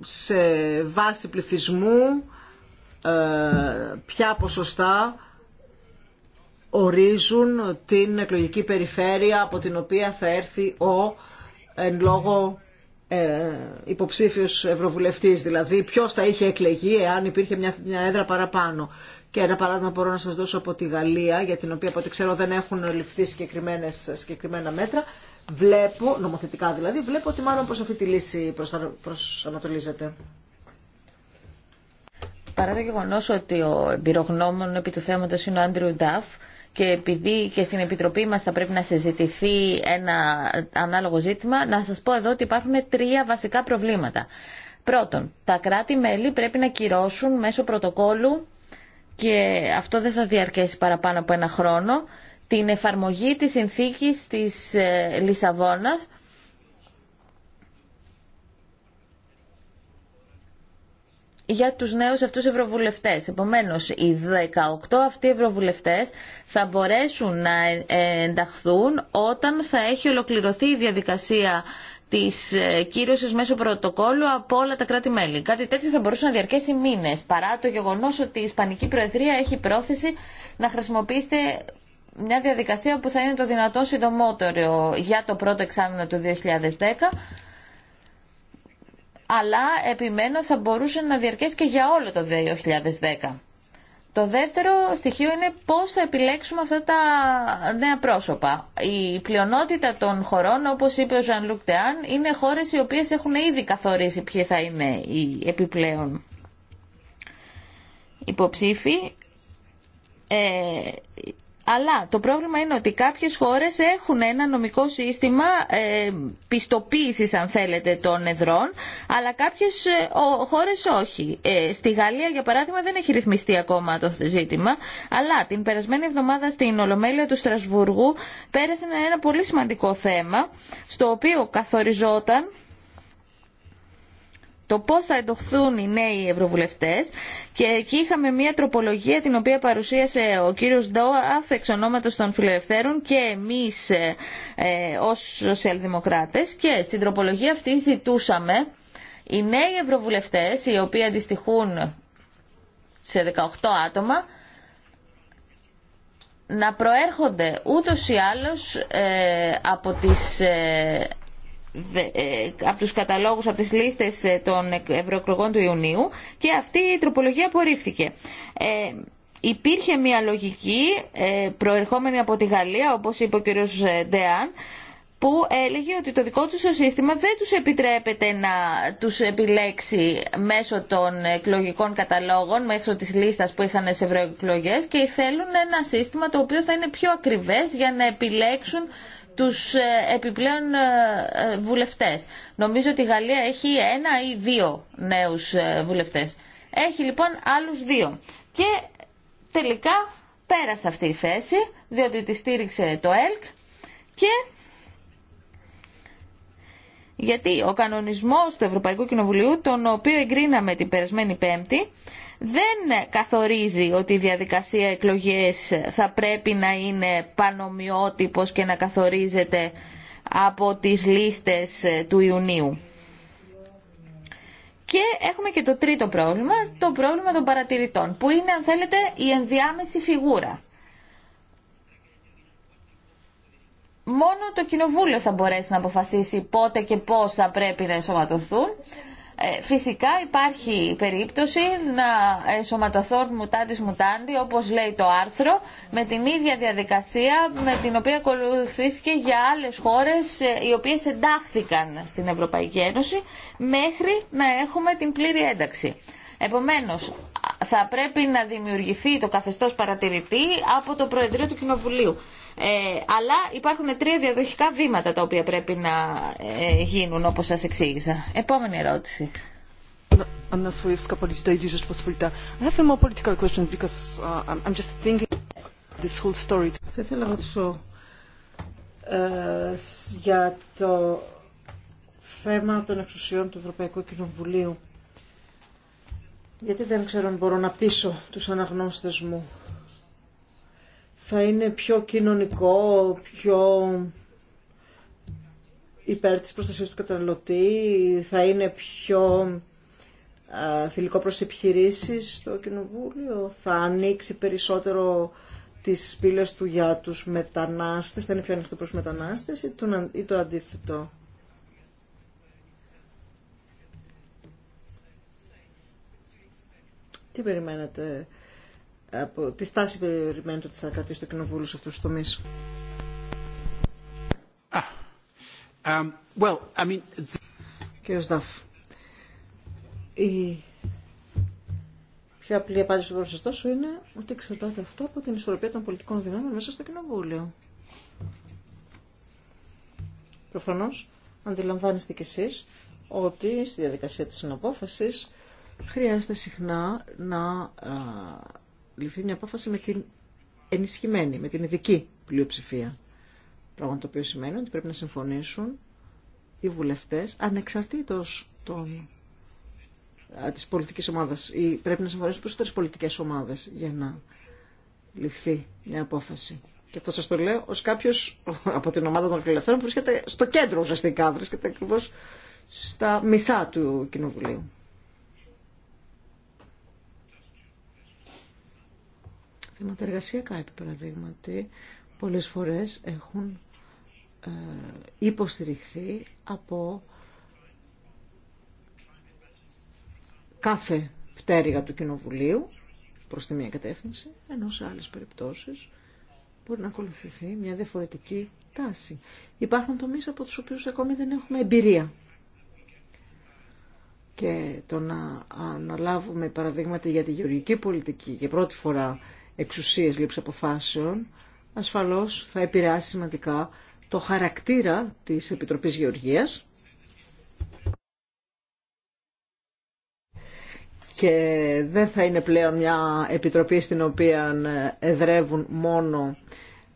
Speaker 2: σε βάση πληθυσμού ε, ποια ποσοστά ορίζουν την εκλογική περιφέρεια από την οποία θα έρθει ο εν λόγω ε, Υποψήφιο ευρωβουλευτής, δηλαδή Ποιο θα είχε εκλεγεί εάν υπήρχε μια, μια έδρα παραπάνω. Και ένα παράδειγμα μπορώ να σας δώσω από τη Γαλλία, για την οποία από ό,τι ξέρω δεν έχουν ληφθεί συγκεκριμένα μέτρα. Βλέπω, νομοθετικά δηλαδή, βλέπω ότι μάλλον προς αυτή τη λύση προσανατολίζεται.
Speaker 3: Παρά το γεγονό ότι ο εμπειρογνώμων επί του θέματος είναι ο Άντριου Νταφ, και επειδή και στην Επιτροπή μας θα πρέπει να συζητηθεί ένα ανάλογο ζήτημα, να σας πω εδώ ότι υπάρχουν τρία βασικά προβλήματα. Πρώτον, τα κράτη-μέλη πρέπει να κυρώσουν μέσω πρωτοκόλου και αυτό δεν θα διαρκέσει παραπάνω από ένα χρόνο, την εφαρμογή της συνθήκης της ε, Λισαβόνας για τους νέους αυτούς ευρωβουλευτές. Επομένως, οι 18 αυτοί ευρωβουλευτές θα μπορέσουν να ε, ενταχθούν όταν θα έχει ολοκληρωθεί η διαδικασία της ε, κύρωσης μέσω πρωτοκόλλου από όλα τα κράτη-μέλη. Κάτι τέτοιο θα μπορούσε να διαρκέσει μήνες, παρά το γεγονός ότι η Ισπανική Προεδρία έχει πρόθεση να χρησιμοποιήσετε μια διαδικασία που θα είναι το δυνατόν συντομότερο για το πρώτο εξάμεινο του 2010 αλλά επιμένω θα μπορούσε να διαρκέσει και για όλο το 2010. Το δεύτερο στοιχείο είναι πώς θα επιλέξουμε αυτά τα νέα πρόσωπα. Η πλειονότητα των χωρών, όπως είπε ο Ζανλουκ Λουκ είναι χώρες οι οποίες έχουν ήδη καθορίσει ποιοι θα είναι οι επιπλέον υποψήφοι. Ε, αλλά το πρόβλημα είναι ότι κάποιες χώρες έχουν ένα νομικό σύστημα ε, πιστοποίησης αν θέλετε των εδρών, αλλά κάποιες ε, χώρες όχι. Ε, στη Γαλλία για παράδειγμα δεν έχει ρυθμιστεί ακόμα το ζήτημα, αλλά την περασμένη εβδομάδα στην Ολομέλεια του Στρασβούργου πέρασε ένα πολύ σημαντικό θέμα, στο οποίο καθοριζόταν το πώ θα εντοχθούν οι νέοι ευρωβουλευτέ. και εκεί είχαμε μια τροπολογία την οποία παρουσίασε ο κύριος Ντόαφ εξ ονόματος των φιλελευθέρων και εμείς ε, ε ως και στην τροπολογία αυτή ζητούσαμε οι νέοι ευρωβουλευτέ οι οποίοι αντιστοιχούν σε 18 άτομα να προέρχονται ούτως ή άλλως ε, από τις ε, ε, από τους καταλόγους, από τις λίστες ε, των ευρωεκλογών του Ιουνίου και αυτή η τροπολογία απορρίφθηκε. Ε, υπήρχε μια λογική ε, προερχόμενη από τη Γαλλία, όπως είπε ο κ. Ντεάν, που έλεγε ότι το δικό τους σύστημα δεν τους επιτρέπεται να τους επιλέξει μέσω των εκλογικών καταλόγων, μέσω της λίστας που είχαν σε ευρωεκλογές και θέλουν ένα σύστημα το οποίο θα είναι πιο ακριβές για να επιλέξουν τους ε, επιπλέον ε, ε, βουλευτές. Νομίζω ότι η Γαλλία έχει ένα ή δύο νέους βουλευτές. Έχει λοιπόν άλλους δύο. Και τελικά πέρασε αυτή η θέση, διότι τη στήριξε το ΕΛΚ και γιατί ο κανονισμός του Ευρωπαϊκού Κοινοβουλίου, τον οποίο εγκρίναμε την περασμένη Πέμπτη, δεν καθορίζει ότι η διαδικασία εκλογές θα πρέπει να είναι πανομοιότυπος και να καθορίζεται από τις λίστες του Ιουνίου. Και έχουμε και το τρίτο πρόβλημα, το πρόβλημα των παρατηρητών, που είναι αν θέλετε η ενδιάμεση φιγούρα. Μόνο το κοινοβούλιο θα μπορέσει να αποφασίσει πότε και πώς θα πρέπει να ενσωματωθούν. Ε, φυσικά υπάρχει περίπτωση να σωματοθούν μουτάντι μουτάντι, όπως λέει το άρθρο, με την ίδια διαδικασία με την οποία ακολουθήθηκε για άλλες χώρες ε, οι οποίες εντάχθηκαν στην Ευρωπαϊκή Ένωση μέχρι να έχουμε την πλήρη ένταξη. Επομένω, θα πρέπει να δημιουργηθεί το καθεστώς παρατηρητή από το Προεδρείο του Κοινοβουλίου. Ε, αλλά υπάρχουν τρία διαδοχικά βήματα τα οποία πρέπει να ε, γίνουν όπως σας εξήγησα. Επόμενη ερώτηση.
Speaker 2: have political because uh, I'm just thinking this whole story. Θα ήθελα να ρωτήσω ε, για το θέμα των εξουσιών του Ευρωπαϊκού Κοινοβουλίου. Γιατί δεν ξέρω αν μπορώ να πείσω τους αναγνώστες μου θα είναι πιο κοινωνικό, πιο υπέρ της προστασίας του καταναλωτή, θα είναι πιο φιλικό προς επιχειρήσεις στο Κοινοβούλιο, θα ανοίξει περισσότερο τις πύλες του για τους μετανάστες, θα είναι πιο ανοιχτό προς μετανάστες ή το αντίθετο. Τι περιμένετε από τη στάση περιμένετε ότι θα κρατήσει το Κοινοβούλιο σε αυτούς τους τομείς. Ah, um, Κύριε Σταφ, η πιο απλή απάντηση που μπορώ να είναι ότι εξαρτάται αυτό από την ισορροπία των πολιτικών δυνάμεων μέσα στο Κοινοβούλιο. Προφανώς, αντιλαμβάνεστε κι εσείς ότι στη διαδικασία της συναπόφασης χρειάζεται συχνά να ληφθεί μια απόφαση με την ενισχυμένη, με την ειδική πλειοψηφία. Πράγμα το οποίο σημαίνει ότι πρέπει να συμφωνήσουν οι βουλευτές ανεξαρτήτως των της πολιτικής ομάδας ή πρέπει να συμφωνήσουν περισσότερες πολιτικές ομάδες για να ληφθεί μια απόφαση. Και αυτό σας το λέω ως κάποιος από την ομάδα των φιλελευθέρων που βρίσκεται στο κέντρο ουσιαστικά, βρίσκεται ακριβώς στα μισά του Κοινοβουλίου. θέματα εργασιακά επί παραδείγματι πολλές φορές έχουν ε, υποστηριχθεί από κάθε πτέρυγα του Κοινοβουλίου προς τη μία κατεύθυνση, ενώ σε άλλες περιπτώσεις μπορεί να ακολουθηθεί μια διαφορετική τάση. Υπάρχουν τομείς από τους οποίους ακόμη δεν έχουμε εμπειρία. Και το να αναλάβουμε παραδείγματα για τη γεωργική πολιτική για πρώτη φορά εξουσίες λήψη αποφάσεων, ασφαλώς θα επηρεάσει σημαντικά το χαρακτήρα της Επιτροπής Γεωργίας και δεν θα είναι πλέον μια επιτροπή στην οποία εδρεύουν μόνο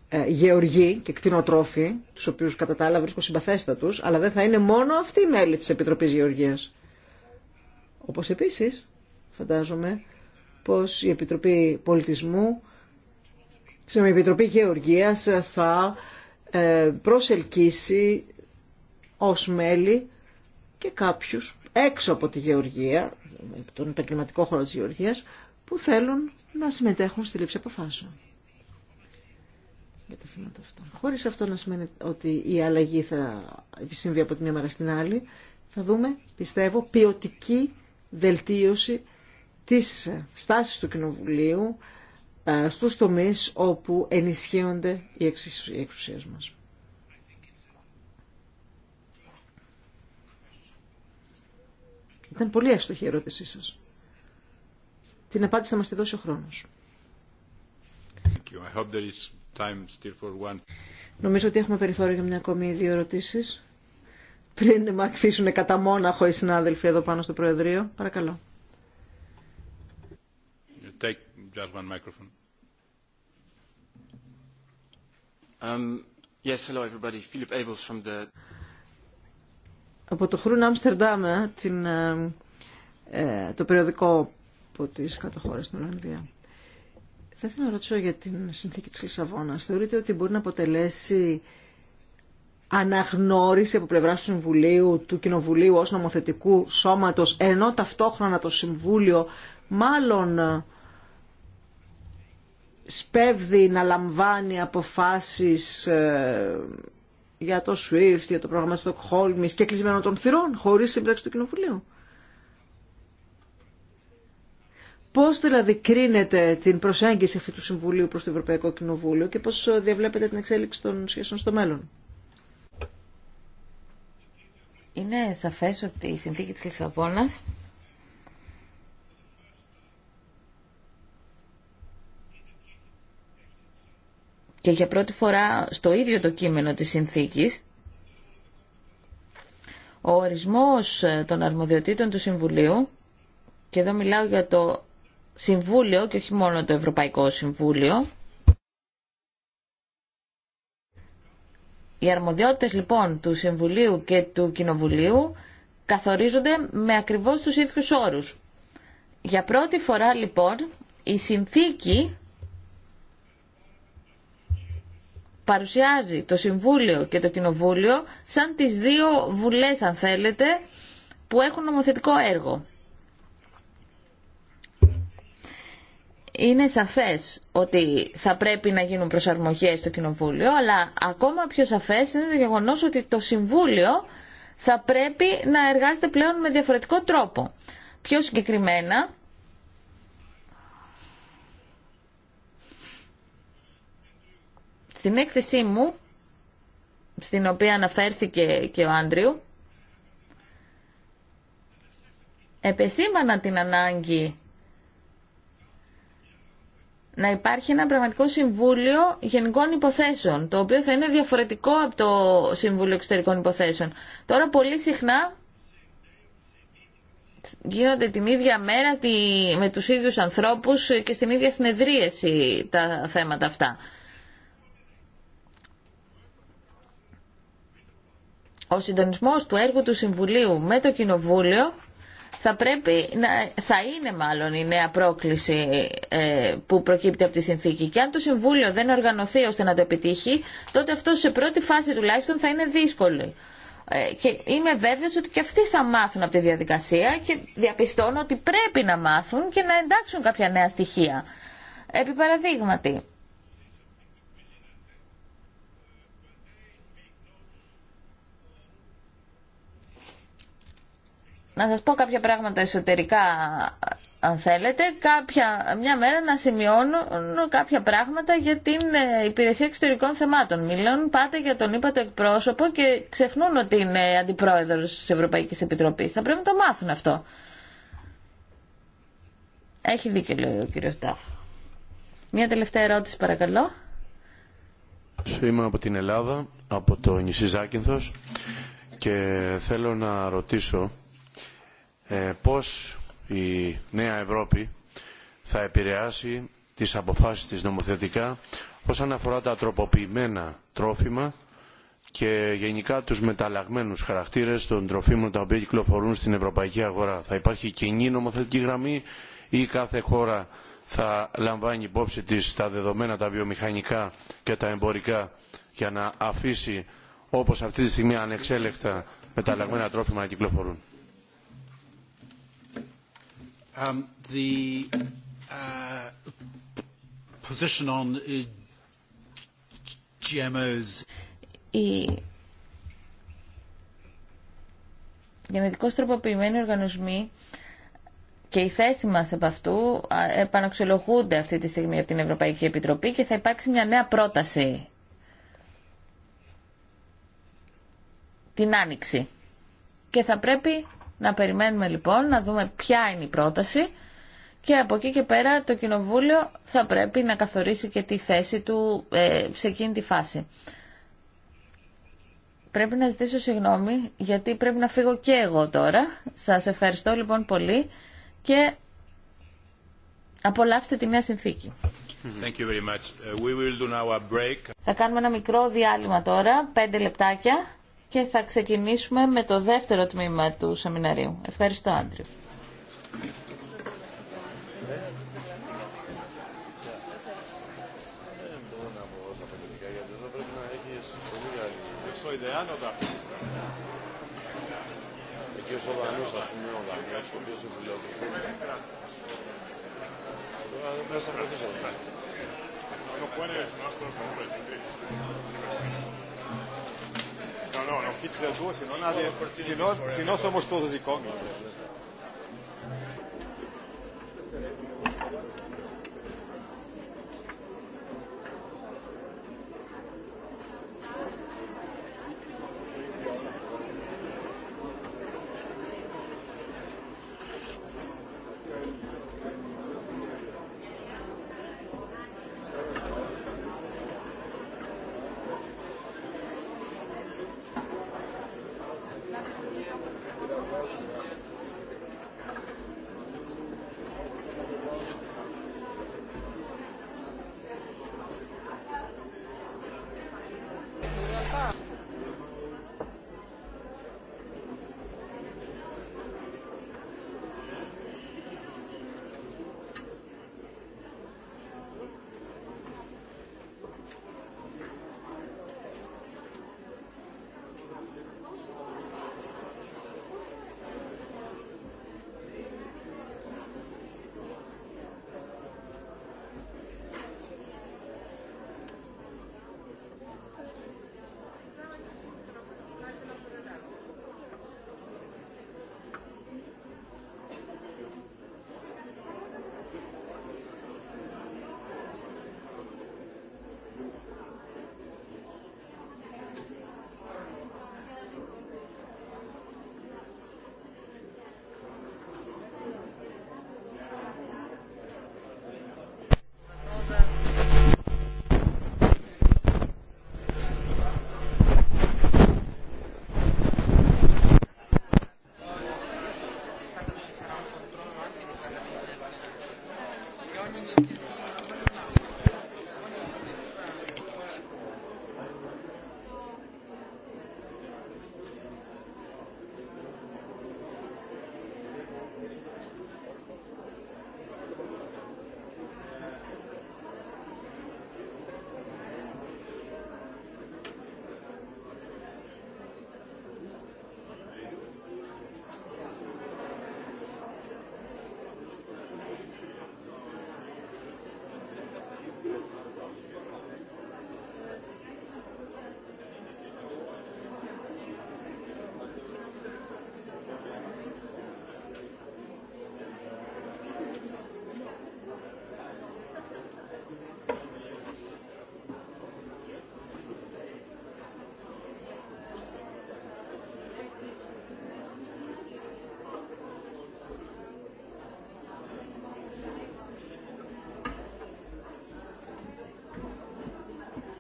Speaker 2: ε, γεωργοί και κτηνοτρόφοι, τους οποίους κατά τα άλλα βρίσκω αλλά δεν θα είναι μόνο αυτοί οι μέλη της Επιτροπής Γεωργίας. Όπως επίσης, φαντάζομαι, πως η Επιτροπή Πολιτισμού, η Επιτροπή Γεωργίας θα ε, προσελκύσει ως μέλη και κάποιους έξω από τη Γεωργία, τον επαγγελματικό χώρο της Γεωργίας, που θέλουν να συμμετέχουν στη λήψη αποφάσεων για τα Χωρίς αυτό να σημαίνει ότι η αλλαγή θα επισύμβει από τη μία μέρα στην άλλη, θα δούμε, πιστεύω, ποιοτική βελτίωση τις στάσεις του Κοινοβουλίου ε, στους τομείς όπου ενισχύονται οι εξουσίες μας. Ήταν πολύ εύστοχη η ερώτησή σας. Την απάντηση θα μας τη δώσει ο χρόνος. Νομίζω ότι έχουμε περιθώριο για μια ακόμη δύο ερωτήσεις. Πριν με αφήσουν κατά μόναχο οι συνάδελφοι εδώ πάνω στο Προεδρείο. Παρακαλώ. Από το Χρούν Άμστερνταμ, ε, ε, ε, το περιοδικό από τις χώρες στην Ολλανδία. Θα ήθελα να ρωτήσω για την συνθήκη της Λισαβόνας. Θεωρείτε ότι μπορεί να αποτελέσει αναγνώριση από πλευράς του Συμβουλίου, του Κοινοβουλίου ως νομοθετικού σώματος, ενώ ταυτόχρονα το Συμβούλιο μάλλον σπέβδει να λαμβάνει αποφάσεις ε, για το SWIFT, για το πρόγραμμα Στοκχόλμης και κλεισμένο των θυρών χωρίς σύμπραξη του Κοινοβουλίου. Πώς δηλαδή κρίνεται την προσέγγιση αυτού του Συμβουλίου προς το Ευρωπαϊκό Κοινοβούλιο και πώς διαβλέπετε την εξέλιξη των σχέσεων
Speaker 3: στο μέλλον. Είναι σαφές ότι η συνθήκη της Λισαβόνας και για πρώτη φορά στο ίδιο το κείμενο της συνθήκης ο ορισμός ε, των αρμοδιοτήτων του Συμβουλίου και εδώ μιλάω για το Συμβούλιο και όχι μόνο το Ευρωπαϊκό Συμβούλιο Οι αρμοδιότητες λοιπόν του Συμβουλίου και του Κοινοβουλίου καθορίζονται με ακριβώς τους ίδιους όρους. Για πρώτη φορά λοιπόν η συνθήκη παρουσιάζει το Συμβούλιο και το Κοινοβούλιο σαν τις δύο βουλές, αν θέλετε, που έχουν νομοθετικό έργο. Είναι σαφές ότι θα πρέπει να γίνουν προσαρμογές στο Κοινοβούλιο, αλλά ακόμα πιο σαφές είναι το γεγονός ότι το Συμβούλιο θα πρέπει να εργάζεται πλέον με διαφορετικό τρόπο. Πιο συγκεκριμένα, Στην έκθεσή μου, στην οποία αναφέρθηκε και ο Άντριου, επεσήμανα την ανάγκη να υπάρχει ένα πραγματικό Συμβούλιο Γενικών Υποθέσεων, το οποίο θα είναι διαφορετικό από το Συμβούλιο Εξωτερικών Υποθέσεων. Τώρα πολύ συχνά γίνονται την ίδια μέρα με τους ίδιους ανθρώπους και στην ίδια συνεδρίαση τα θέματα αυτά. ο συντονισμός του έργου του Συμβουλίου με το Κοινοβούλιο θα πρέπει να, θα είναι μάλλον η νέα πρόκληση ε, που προκύπτει από τη συνθήκη. Και αν το Συμβούλιο δεν οργανωθεί ώστε να το επιτύχει, τότε αυτό σε πρώτη φάση τουλάχιστον θα είναι δύσκολο. Ε, και είμαι βέβαιος ότι και αυτοί θα μάθουν από τη διαδικασία και διαπιστώνω ότι πρέπει να μάθουν και να εντάξουν κάποια νέα στοιχεία. Επί να σας πω κάποια πράγματα εσωτερικά αν θέλετε, κάποια, μια μέρα να σημειώνω κάποια πράγματα για την ε, υπηρεσία εξωτερικών θεμάτων. Μιλούν πάτε για τον είπα το εκπρόσωπο και ξεχνούν ότι είναι αντιπρόεδρος της Ευρωπαϊκής Επιτροπής. Θα πρέπει να το μάθουν αυτό. Έχει δίκαιο, λέει ο κύριος Τάφ. Μια τελευταία ερώτηση, παρακαλώ.
Speaker 2: Είμαι από την Ελλάδα, από το νησί Ζάκυνθος και θέλω να ρωτήσω ε, πώς η νέα Ευρώπη θα επηρεάσει τις αποφάσεις της νομοθετικά όσον αφορά τα τροποποιημένα τρόφιμα και γενικά τους μεταλλαγμένους χαρακτήρες των τροφίμων τα οποία κυκλοφορούν στην ευρωπαϊκή αγορά. Θα υπάρχει κοινή νομοθετική γραμμή ή κάθε χώρα θα λαμβάνει υπόψη της τα δεδομένα τα βιομηχανικά και τα εμπορικά για να αφήσει όπως αυτή τη στιγμή ανεξέλεκτα μεταλλαγμένα τρόφιμα να κυκλοφορούν.
Speaker 1: Um, the uh, position on uh, GMOs.
Speaker 3: Η γενετικώς τροποποιημένοι οργανισμοί και η θέση μας από αυτού επαναξιολογούνται αυτή τη στιγμή από την Ευρωπαϊκή Επιτροπή και θα υπάρξει μια νέα πρόταση την Άνοιξη. Και θα πρέπει να περιμένουμε λοιπόν να δούμε ποια είναι η πρόταση και από εκεί και πέρα το Κοινοβούλιο θα πρέπει να καθορίσει και τη θέση του ε, σε εκείνη τη φάση. Πρέπει να ζητήσω συγγνώμη γιατί πρέπει να φύγω και εγώ τώρα. Σας ευχαριστώ λοιπόν πολύ και απολαύστε τη νέα συνθήκη.
Speaker 2: Thank uh, We will do now a break.
Speaker 3: Θα κάνουμε ένα μικρό διάλειμμα τώρα, πέντε λεπτάκια και θα ξεκινήσουμε με το δεύτερο τμήμα του σεμιναρίου. Ευχαριστώ, Άντριου.
Speaker 2: Εκεί ο Σοβανός, ας πούμε, ο Δανιάς, ο οποίος επιλέγει. Μέσα
Speaker 3: από το No, no, no quites el dúo, si no, no, si no somos todos icónicos.